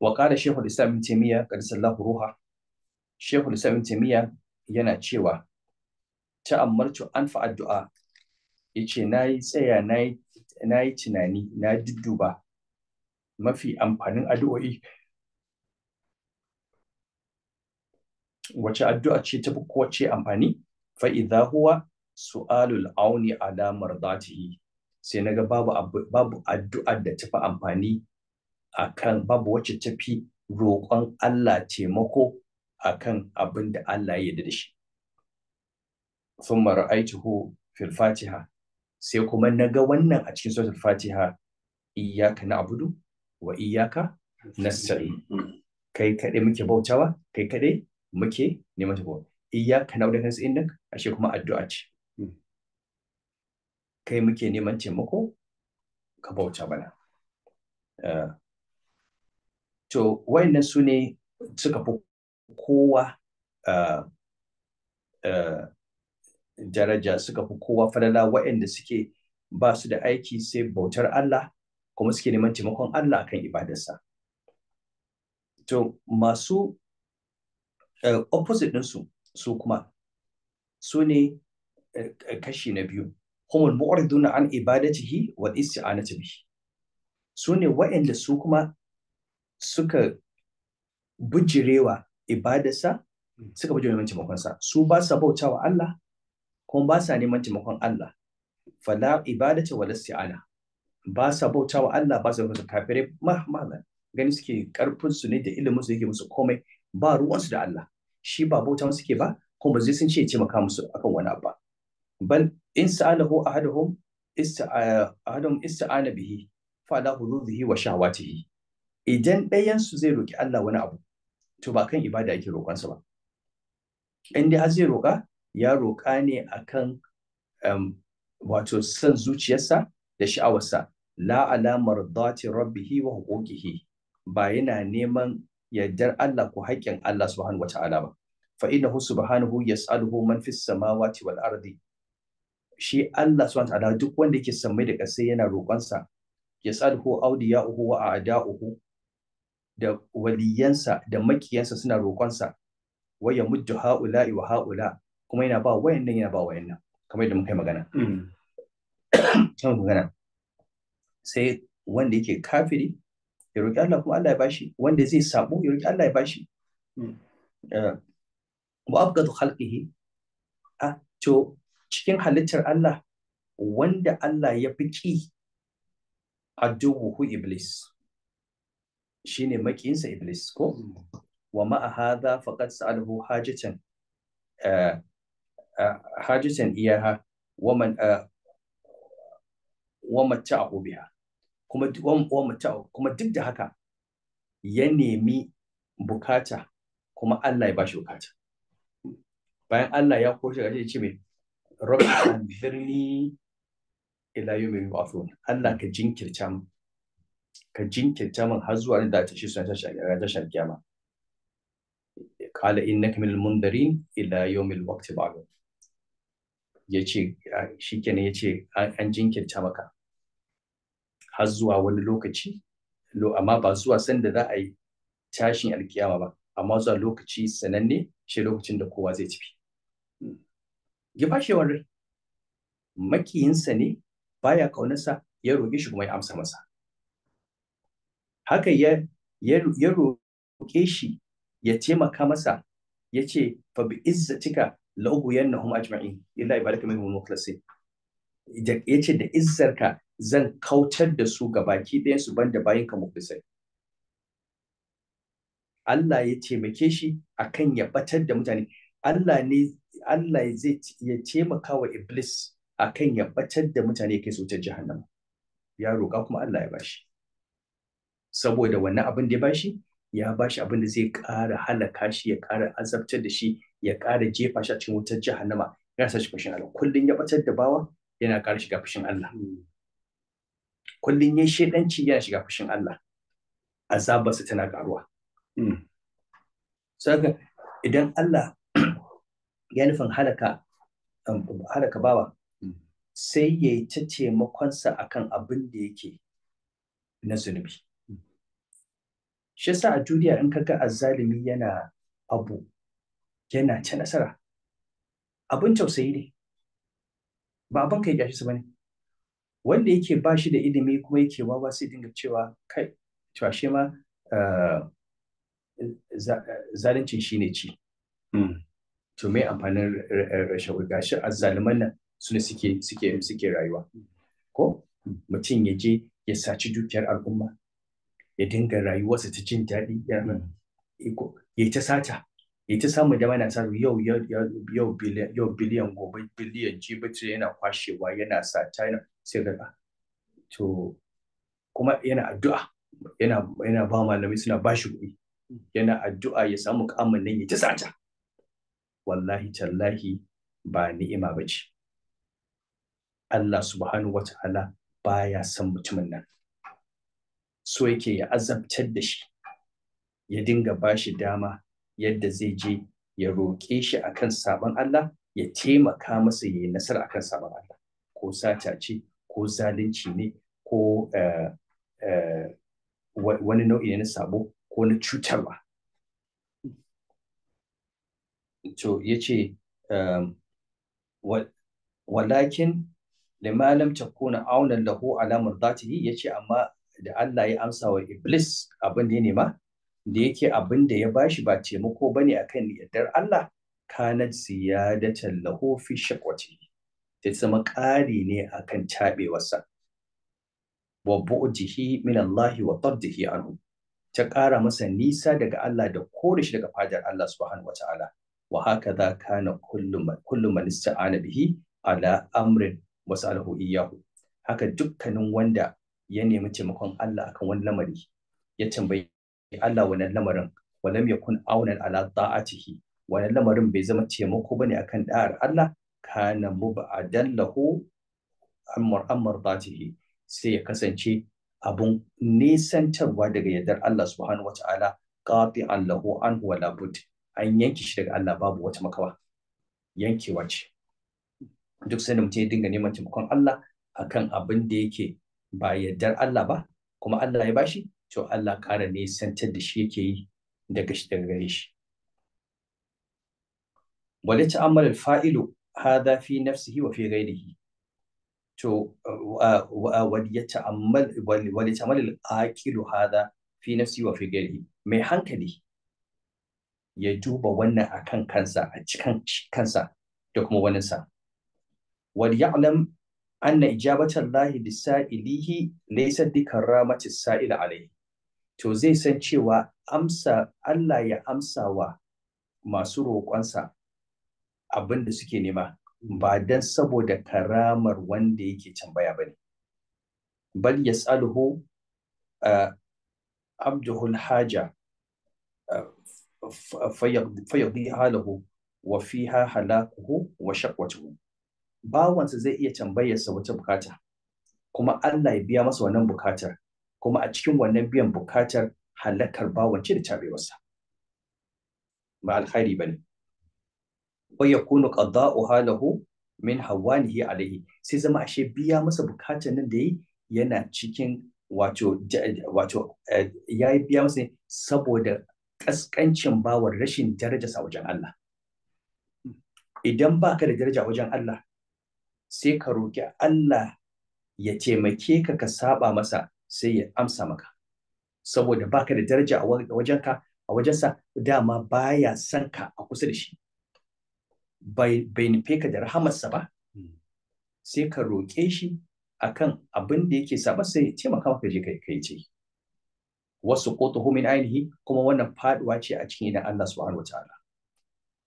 wa qala shaykhul islam ibn taymiya qadisallahu ruha shaykhul islam ibn taymiya yana cewa ta'ammartu anfa addu'a yace nayi tsaya nayi nayi tunani na dudduba mafi amfanin addu'o'i wace addu'a ce tafi kowace amfani fa idza huwa su'alul auni ala mardatihi sai na ga babu addu'ar da tafi amfani akan babu wacce ta fi roƙon Allah taimako akan abin da Allah ya yarda da shi thumma ra'aytuhu fil fatiha sai kuma na ga wannan a cikin suratul fatiha iyyaka na'budu wa iyyaka nasta'in kai kaɗai muke bautawa kai kaɗai muke neman tafiya iyyaka na'budu wa nasta'in nan ashe kuma addu'a ce kai muke neman taimako ka bauta mana eh, to wayannan su ne suka fi kowa ah, ah, daraja suka fi kowa falala wayanda suke ba su da aiki sai bautar Allah kuma suke neman taimakon Allah kan ibadarsa to masu uh, opposite ɗinsu su kuma su ne eh, kashi na biyu humul mu'riduna an ibadatihi wa isti'anati bihi su ne wa'anda su kuma suka bujirewa ibadarsa hmm. suka bujirewa neman taimakonsa su ba sa bautawa Allah kuma ba sa neman taimakon Allah fala ibadata wala isti'ana ba sa bautawa Allah ba sa bautawa kafirai mahmalan gani suke karfin su ne da ilimin su yake musu komai ba ruwansu da Allah shi ba bauta musu ke ba kuma ba zai sun ce taimaka musu akan wani abu ba bal in sa'alahu ahaduhum ista'ana bihi fa lahu hududhihi wa shahwatihi idan ɗayansu zai roƙi Allah wani abu to ba kan ibada ake roƙonsa ba in dai har zai roƙa ya roƙa ne akan um, wato son zuciyarsa da sha'awarsa la alamar dati rabbihi wa huquqihi ba yana neman yardar Allah ko haƙƙin Allah subhanahu wa ta'ala ba fa innahu subhanahu yas'aluhu man fis samawati wal ardi shi Allah subhanahu wa ta'ala duk wanda yake sammai da ƙasa yana roƙonsa yas'aluhu awliya'uhu wa a'da'uhu da waliyansa da makiyansa suna roƙonsa wa ya muddu ha'ula wa ha'ula kuma yana ba wayannan yana ba wayannan kamar yadda muka yi magana mm. kamar magana sai wanda yake kafiri ya roƙi Allah kuma Allah ya bashi wanda zai sabo ya roƙi Allah ya bashi mm. eh, wa abgadu khalqihi a to cikin halittar Allah wanda Allah ya fi ki aduwuhu iblis shine makiyinsa iblis ko hmm. wa ma'a hadha faqad sa'alahu hajatan eh, eh, hajatan iyaha wa man eh, wa mata'u biha kuma wa mata'u kuma duk da haka ya nemi bukata kuma Allah ya bashi bukata bayan Allah ya koshe gaje ya ce mai rabbi anzirni ila yawmi yub'athun Allah ka jinkirta mu ka jinkirta min har zuwa da ta shi suna tashar kiyama qala innaka minal mundarin ila yawmil waqti ba'd yace shikenan yace an jinkirta maka har zuwa wani lokaci amma ba zuwa sanda za a yi tashin alkiyama ba amma zuwa lokaci sananne shi lokacin da kowa zai tafi ya ba shi rai makiyinsa ne baya kaunarsa ya roƙi shi kuma ya amsa masa haka ya ya roƙe shi ya taimaka masa ya ce fa bi izzatika la ughwiyannahum ajma'in illa ibadaka minhum mukhlasin ya ce da izzarka zan kautar da su ga baki ɗayan su banda bayin ka mukhlisai Allah ya taimake shi akan ya batar da mutane Allah ne Allah zai ya taimaka wa Iblis akan ya batar da mutane kai su ta jahannama ya roƙa kuma Allah ya bashi saboda wannan abin da ya bashi ya bashi abin da zai ƙara halaka shi ya ƙara azabtar da shi ya ƙara jefa shi a cikin wutar jahannama yana sa shi fushin Allah kullun ya batar da bawa yana ƙara shiga fushin Allah kullun ya shedanci yana shiga fushin Allah Azabar sa tana ƙaruwa hmm. saka idan Allah ya nufin halaka um, halaka bawa hmm. sai ya yi ta taimakonsa akan abin da yake na zunubi shi yasa a duniya in kaga azzalimi yana abu yana ta nasara abin tausayi ne ba abin kai gashi su bane wanda yake ba shi da ilimi kuma yake wawa sai dinga cewa kai to shi ma eh, zalincin shi ne ci hmm. to me amfanin rashin gashi azzaliman nan su ne suke suke rayuwa ko mutum ya je ya saci dukiyar al'umma ya dinga rayuwarsa ta jin daɗi ya ta sata ya ta samu da mana samu yau yau biliyan gobe biliyan jibici yana kwashewa yana sata yana sai ga to kuma yana addu'a yana yana ba malamai suna ba shi kuɗi yana addu'a ya samu kamun nan ya ta sata wallahi tallahi ba ni'ima ba ce Allah subhanahu wa ta'ala ya san mutumin nan so yake ya azabtar da shi ya dinga ba shi dama yadda zai je ya roƙe shi akan sabon Allah ya taimaka masa ya yi nasara akan sabon Allah ko sata ce ko zalunci ne ko eh, eh, wani nau'i na sabo ko na cutarwa to ya ce ehm, walakin limalam takuna auna lahu ala murdatihi yace amma da Allah ya amsa wa Iblis abin da ya nema, da yake abin da ya bashi ba taimako ba ne akan yardar Allah, kanat ziyadatan lahu fi shakwati. Ta zama ƙari ne akan caɓewarsa Wa bu'dihi min Allah wa taddihi anhu. Ta ƙara masa nisa daga Allah da kore daga fadar Allah subhanahu wa Wa haka za kana kullum man ista'ana bihi ala amrin wasu alhu iyahu. Haka dukkanin wanda ya nemi taimakon Allah akan wani lamari ya tambayi Allah wannan lamarin walam yakun aunan ala ta'atihi wannan lamarin bai zama taimako bane akan da'ar Allah kana mub'adan lahu ammar ammar ta'atihi sai ya kasance abun nesantarwa daga yardar Allah subhanahu wata'ala qati'an lahu an wala bud an yanke shi daga Allah babu wata makawa yankewa ce duk sanda mutum ya dinga neman taimakon Allah akan abin da yake ba yardar Allah ba kuma Allah ya bashi to Allah ƙara ne santar da shi yake yi daga shi daga gare shi wale ta'ammal fa'ilu hada fi nafsihi wa fi ghairihi to wal yata'ammal wal yata'ammal al-aqilu hadha fi nafsihi wa fi ghairihi mai hankali ya duba wannan akan kansa a cikin kansa da kuma waninsa wal ya'lam anna ijabatan lahi lisa'ilihi laysa bikarramati sa'il alayhi to zai san cewa amsa Allah ya amsa wa masu roƙonsa abin da suke nema ba dan saboda karamar wanda yake tambaya bane bal yas'aluhu abduhu alhaja fayaqdi halahu wa fiha halakuhu wa shakwatuhu bawansa zai iya tambayarsa wata bukata kuma Allah ya biya masa wannan bukatar kuma a cikin wannan biyan bukatar halakar bawan ce da tabewarsa ba alkhairi bane wa yakunu qada'u halahu min hawanihi alaihi sai zama ashe biya masa bukatar nan da yi yana cikin wato wato eh, ya biya masa saboda kaskancin bawar rashin darajarsa wajen Allah idan baka da daraja wajen Allah sai ka roƙi Allah ya taimake ka ka saba masa sai ya amsa maka saboda baka da daraja a wajenka a wajensa dama baya son ka a kusa da shi bai nufe ka da rahamarsa ba sai ka roƙe shi akan abin da yake saba sai ya taimaka maka je kai kai ce wasu qutuhu min ainihi kuma wannan faduwa ce a cikin idan Allah subhanahu wataala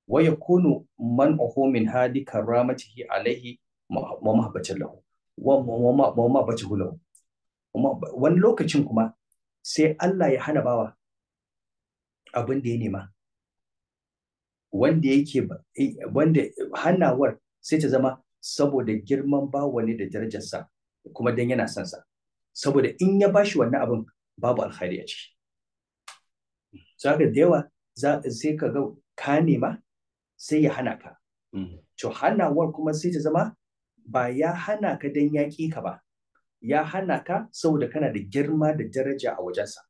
wa yakunu man min hadi karamatihi alaihi mamahabacin lahu mamahabacin lahu wani lokacin kuma sai Allah ya hana bawa abin da ya nema wanda yake wanda hanawar sai ta zama saboda girman bawa ne da darajarsa kuma dan yana son sa saboda in ya bashi wannan abin babu alkhairi a ciki haka da yawa sai ka ga ka nema sai ya hana ka to hanawar kuma sai ta zama ba ya hana ka dan ya ka ba ya hana ka saboda kana da girma da daraja a wajensa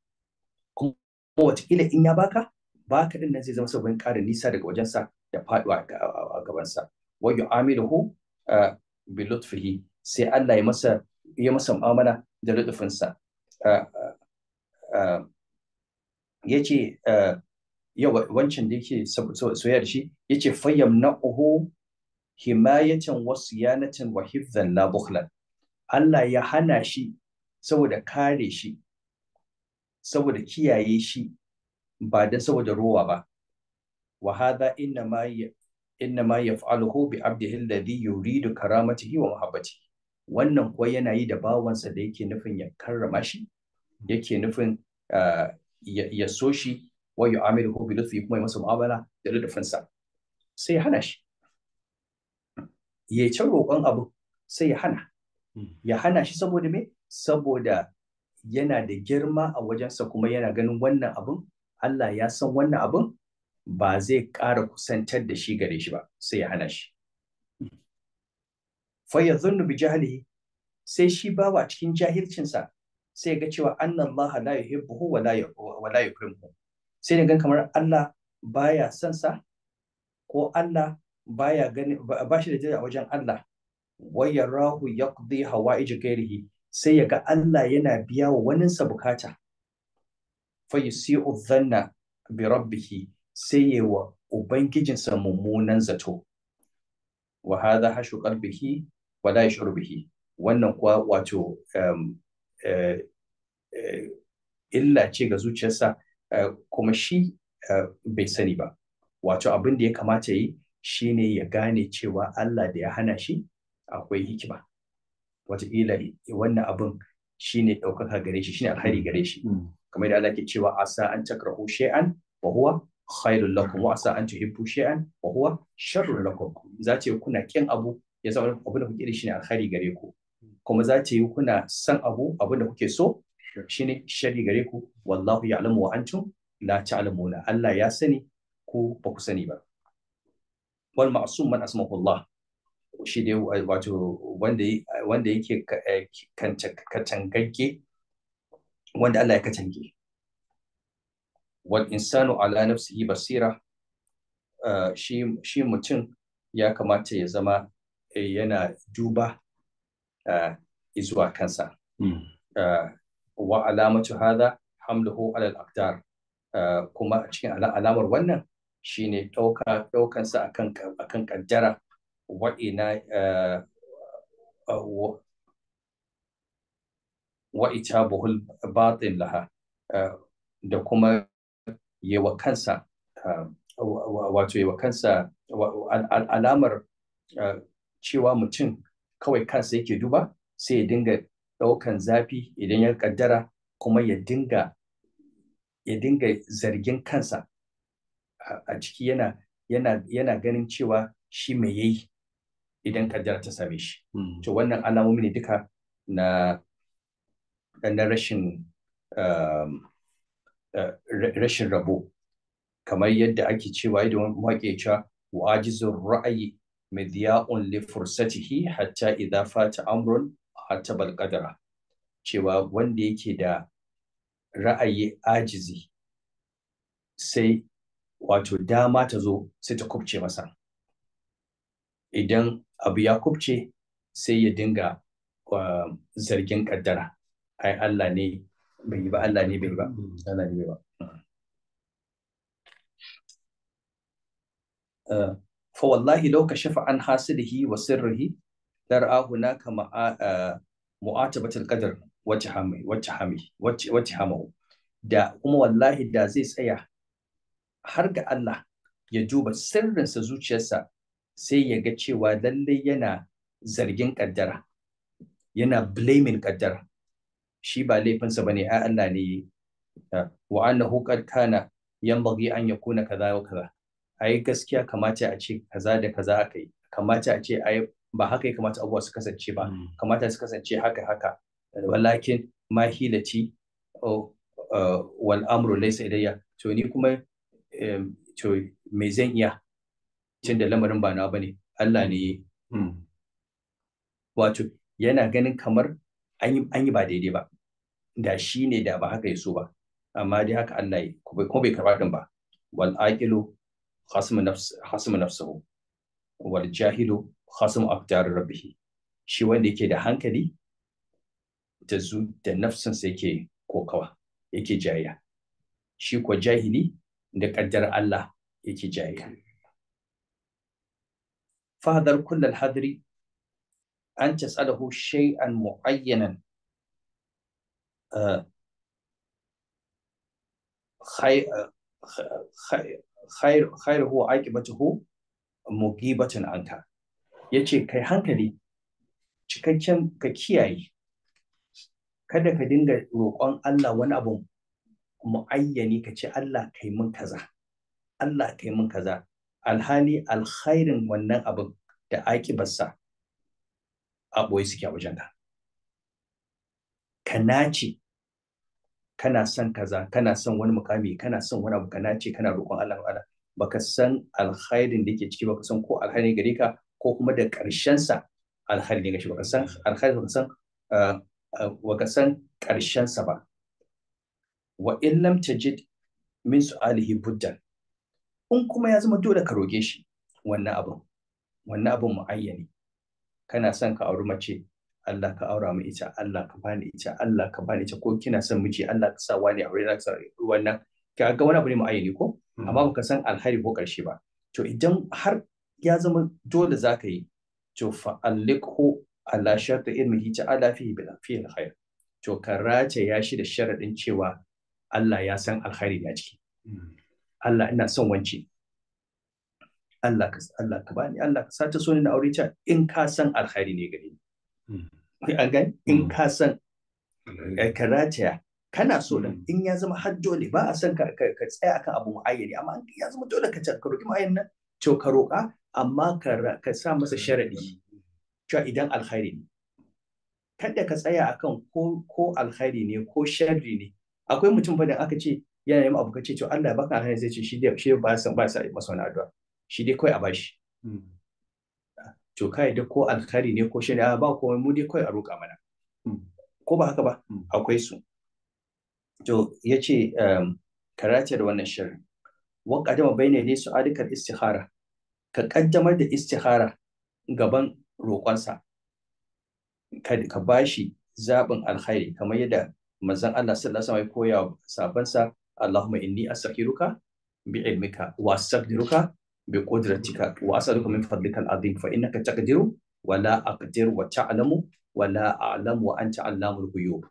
kuma watakila in ya baka baka din nan zai zama sabbin ƙara nisa daga wajensa da faɗuwa a gabansa wa yu'amiluhu eh, bi lutfihi sai Allah ya masa ya da lutfinsa eh, eh, ya ce wancan da yake soyar shi ya ce fayyam na'uhu himayatan wasiyanatan wa hifzan la bukhlan Allah ya hana shi saboda kare shi saboda kiyaye shi ba da saboda ruwa ba wa hadha inna ma inna ma yaf'aluhu bi abdihi alladhi yuridu karamatihi wa Mahabbati. wannan kuwa yana yi da bawansa da yake nufin ya karrama shi yake nufin ah, ya so shi wa yu'amiluhu bi lutfi kuma ya masa mu'amala da lutufinsa sai ya hana shi ya ci roƙon abu sai ya hana hmm. ya hana shi saboda me saboda yana da girma a wajensa kuma yana ganin wannan abun Allah ya san wannan abun ba zai ƙara kusantar da shi gare shi ba sai ya hana shi hmm. fa bi jahlihi sai shi bawa cikin jahilcinsa sai ga cewa annan Allah la yuhibbuhu wa la wa sai ne gan kamar Allah baya son sa ko Allah baya gani ba shi da jira a wajen Allah wa yarahu yaqdi iji gairihi sai yaga Allah yana biya wa waninsa bukata fa yusi'u dhanna bi rabbih sai ya wa ubangijinsa mummunan zato wa hadha hashu qalbihi wa la yashur bihi wannan kuwa wato um, eh, eh, illa ce ga zuciyarsa eh, kuma shi bai sani ba wato abin da ya kamata yi shine ya gane cewa Allah da ya hana shi akwai hikima wataƙila wannan abin shine ɗaukaka gare shi shine alhari gare shi mm. kamar da Allah ke cewa asa an takrahu shay'an wa huwa khairul lakum wa asa an tuhibbu shay'an wa huwa sharrul lakum za ta yi kuna kin abu ya sa abin da kuke da shine alhari gare ku kuma za ta yi kuna san abu abin da kuke so shine shari gare ku wallahu ya'lamu wa antum la ta'lamuna Allah ya sani ku ba ku sani ba wal ma'sum man asmahullah shi dai wato wanda wanda yake eh, katangagge wanda Allah ya katange wal insanu ala nafsihi basira eh, shi shi mutum ya kamata ya zama eh, yana duba izuwa kansa hmm. wa alamatu hadha hamluhu ala al-aqdar kuma cikin alamar wannan shine ɗauka ɗaukansa akan akan kaddara wa'ina eh, eh, wa'ita buhul batin laha eh, da kuma yewa kansa wato yewa kansa alamar cewa mutum kawai kansa yake duba sai ya dinga ɗaukan zafi idan ya kaddara kuma ya dinga ya dinga zargin kansa a ciki yana yana yana ganin cewa shi me yayi idan kaddara ta same shi hmm. to wannan alamomi ne duka na na rashin um, uh, rashin rabo kamar yadda ake cewa yadda mawaƙi cewa wajizun ra'ayi midiya'un li fursatihi hatta idza fata amrun hatta bal qadara cewa wanda yake da ra'ayi ajizi sai wato dama ta zo sai ta kubce masa idan abu ya kubce sai ya dinga um, zargin kaddara ai Allah ne bai yi ba Allah ne bai ba mm-hmm. Allah ne bai ba mm-hmm. uh, fa wallahi law kashafa an hasidihi wa sirrihi lar'ahu naka uh, mu'atabatul qadar wacce hami wacce wacce hamahu da kuma wallahi da zai tsaya har ga Allah ya duba sirrinsa zuciyarsa sai ya ga cewa lalle yana zargin kaddara yana blaming kaddara shi ba laifinsa bane ai Allah ne wa annahu qad kana yanbaghi an yakuna kaza wa kaza ai gaskiya kamata a ce kaza da kaza aka yi kamata a ce ai ba haka ya kamata abuwa su kasance ba hmm. kamata su kasance haka haka walakin mahilati oh, oh, wal amru laysa ilayya to ni kuma to me zan iya cin da lamarin ba na ne? Allah ne hmm. wato yana ganin kamar an yi ba daidai ba da shi ne da ba haka ya so ba amma dai haka Allah yi kuma bai karɓa ɗin ba wal aqilu khasmu nafs khasmu nafsuhu wal jahilu khasmu aqdar rabbih shi wanda yake da hankali da zu da nafsansa yake kokawa yake jayya shi ko jahili da ƙaddar Allah yake jayayya. Fahadar kullal hadri an tas'alahu shay'an mu'ayyanan eh, khairuhu aqibatuhu mugibatun anka ce kai hankali cikakken ka kiyaye kada ka dinga roƙon Allah wani abu mu'ayyani ka ce Allah kai mun kaza Allah kai mun kaza alhali alkhairin wannan abu da bassa a boye suke a wajen ka nace kana son kaza kana son wani mukami kana son wani abu ka nace kana roƙon Allah Allah baka san alkhairin da yake ciki baka san ko alkhairin gare ka ko kuma da ƙarshen sa alkhairin ne gashi baka san alkhairin baka san ah, ah, baka san ƙarshen sa ba wa in lam tajid min su'alihi buddan in kuma ya zama dole ka roge shi wannan abin wannan abu mu'ayyani kana son ka auri mace Allah ka aura mu ita Allah ka bani ita Allah ka bani ita ko kina son miji Allah ka sa wani aure na sa wannan kaga wani abu ne mu'ayyani ko hmm. amma baka san alhari ko karshe ba to idan har ya zama dole zaka yi to alliku ala shartu ilmihi ta'ala fihi bil fihi alkhair to ka rataya ya shi da sharadin cewa Allah ya san alkhairi ya ciki hmm. Allah ina son wance Allah ka Allah ka bani Allah ka sace so ni na aure ta in ka san alkhairi ne gare ni hmm. an gani in hmm. ka san eh, ka kana so din in ya zama har dole ba a san ka ka tsaya akan abu muayyani amma in ya zama dole ka ka roki muayyan nan to ka roka amma ka ka sa masa sharadi cewa idan alkhairi ne kada ka tsaya akan ko ko alkhairi ne ko sharri ne akwai mutum ba da aka ce yana yin abu kace to Allah ya baka alheri zai ce shi dai shi ba san ba sa masa wani addu'a shi dai kai a bashi hmm. to kai da ko alkhari ne ko shine ba ko mu dai kai a roƙa mana hmm. ko ba haka ba hmm. akwai su to yace um, karatar wannan shirin wa qadama ne dai su'alikal istikhara ka kaddamar da istikhara gaban roƙonsa ka bashi zaɓin alkhairi kamar yadda manzon Allah sallallahu alaihi wasallam ya koya wa sabansa Allahumma inni astaghfiruka bi ilmika wa astaghfiruka bi qudratika wa as'aluka min fadlika al-azim fa innaka taqdiru wa la aqdiru wa ta'lamu wa la a'lamu wa anta 'allamul ghuyub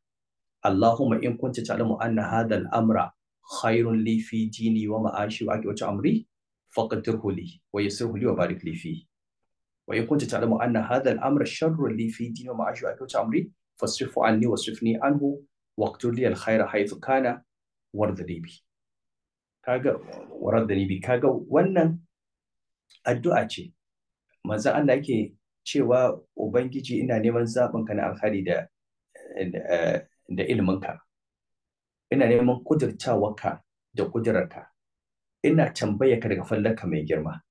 Allahumma in kunta ta'lamu anna hadha al-amra khairun li fi dini wa ma'ashi wa aqwati amri faqdirhu li wa yassirhu li wa barik li fihi wa in kunta ta'lamu anna hadha al-amra sharrun li fi dini wa ma'ashi wa aqwati amri fasrifu anni wasrifni anhu waqtul liyal khaira haythu kana wardani bi kaga wardani bi kaga wannan addu'a ce manzo Allah yake cewa ubangiji ina neman zaɓin ka na alkhari da da ilminka ina neman kudurtawarka da kudurarka ina tambaya ka daga fallaka mai girma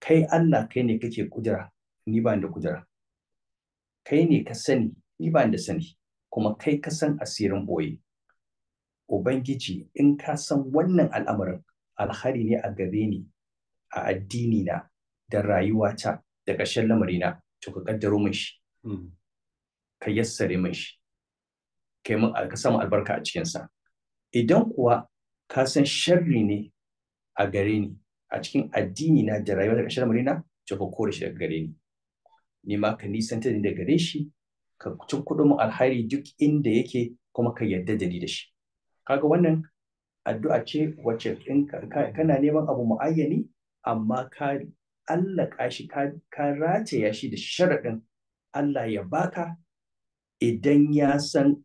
kai Allah kai ne kake kudura ni ba da kudura kai ne ka sani ni ba da sani kuma kai ka san asirin ɓoye. Ubangiji in ka san wannan al'amarin alhari ne a gare ni a addini na da rayuwata da ƙarshen na, to ka kaddaro min shi. Hmm. Ka yassare min shi. Kai mun ka samu albarka a cikinsa. Idan kuwa ka san sharri ne a gare ni a cikin addini na da rayuwa da ƙarshen na, to ka kore shi daga gare ni. Ni ma ka nisanta ni da gare shi ka cin kuɗin alhairi duk inda yake kuma ka yarda da ni da shi kaga wannan addu'a ce wacce in kana neman abu mu'ayyani amma ka ka shi ka rataya shi da sharaɗin Allah ya baka idan ya san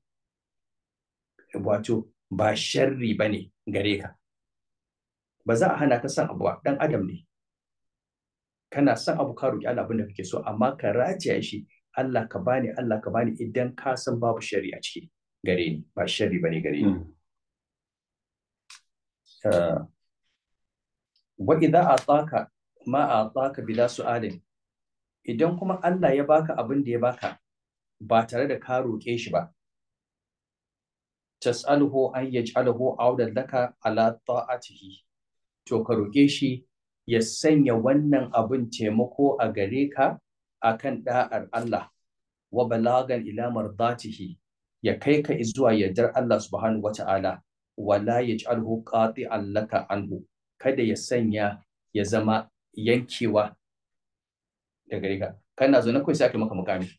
wato ba sharri ba ne gare ka ba za a hana ka san abu 'dan adam ne kana san abu ka roƙi Allah abin da kake so amma ka rataya shi Allah ka bani Allah ka bani idan ka san babu shari a ciki gare ni ba shari bane gare ni hmm. eh, wa idza ataka ma ataka bila su'alin idan kuma Allah ya baka abin da ya baka ba tare da ka roƙe shi ba tas'aluhu an yaj'aluhu audan laka ala ta'atihi to ka roƙe shi ya sanya wannan abin taimako a gare ka akan da'ar Allah wa balagan ila mardatihi ya kai ka zuwa yardar Allah subhanahu wata'ala wala yaj'alhu qati'an laka anhu kada ya sanya ya zama yankewa daga riga kana zo na kai sai aka maka mukami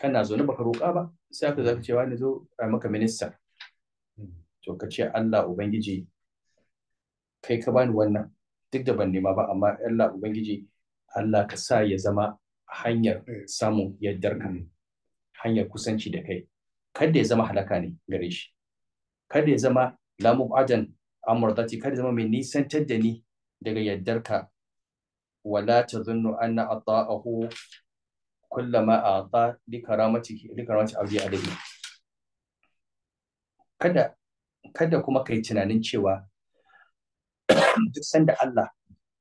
kana zo na baka roƙa ba sai aka zaka cewa ne zo a maka minista to ka ce Allah ubangiji kai ka bani wannan duk da ban nema ba amma Allah ubangiji Allah ka sa ya zama hanyar eh. samun yardar ka mm. hanyar kusanci da kai kada ya zama halaka ne gare shi kada ya zama lamu adan amurdati kada ya zama mai nisantar da ni daga yardar ka wala ta zunnu anna ata'ahu kullama ata li karamati li karamati alayhi kada kada kuma kai tunanin cewa duk sanda Allah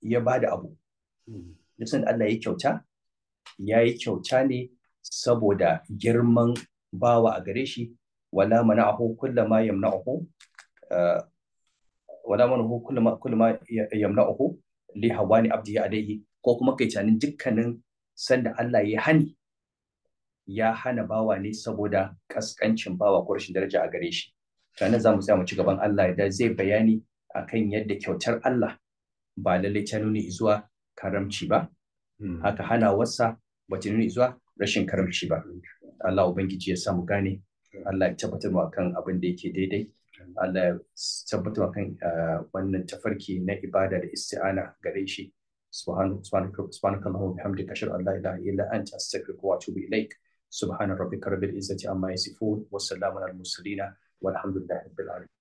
ya bada abu mm. duk sanda Allah ya kyauta ya yi kyauta ne saboda girman bawa a gare shi wala mana'ahu kullama yamna'uhu eh, wala mana'ahu kullama kullama yamna'uhu li hawani abdi ko kuma kai canin dukkanin sanda Allah ya hani ya hana bawa ne saboda kaskancin bawa ko rashin daraja a gare shi tana za mu tsaya mu ci gaban Allah da zai bayani akan yadda kyautar Allah ba lallai ta nuni zuwa karamci ba hmm. haka hana wasa ba ta zuwa rashin karamci ba Allah ubangiji ya mu gane Allah ya tabbatar mu akan abin da yake daidai Allah ya tabbatar mu akan ah, wannan tafarki na ibada da isti'ana gare shi سبحانك اللهم وبحمدك اشهد ان لا اله الا انت استغفرك واتوب اليك سبحان ربك رب العزه عما يصفون وسلام على المرسلين والحمد لله رب العالمين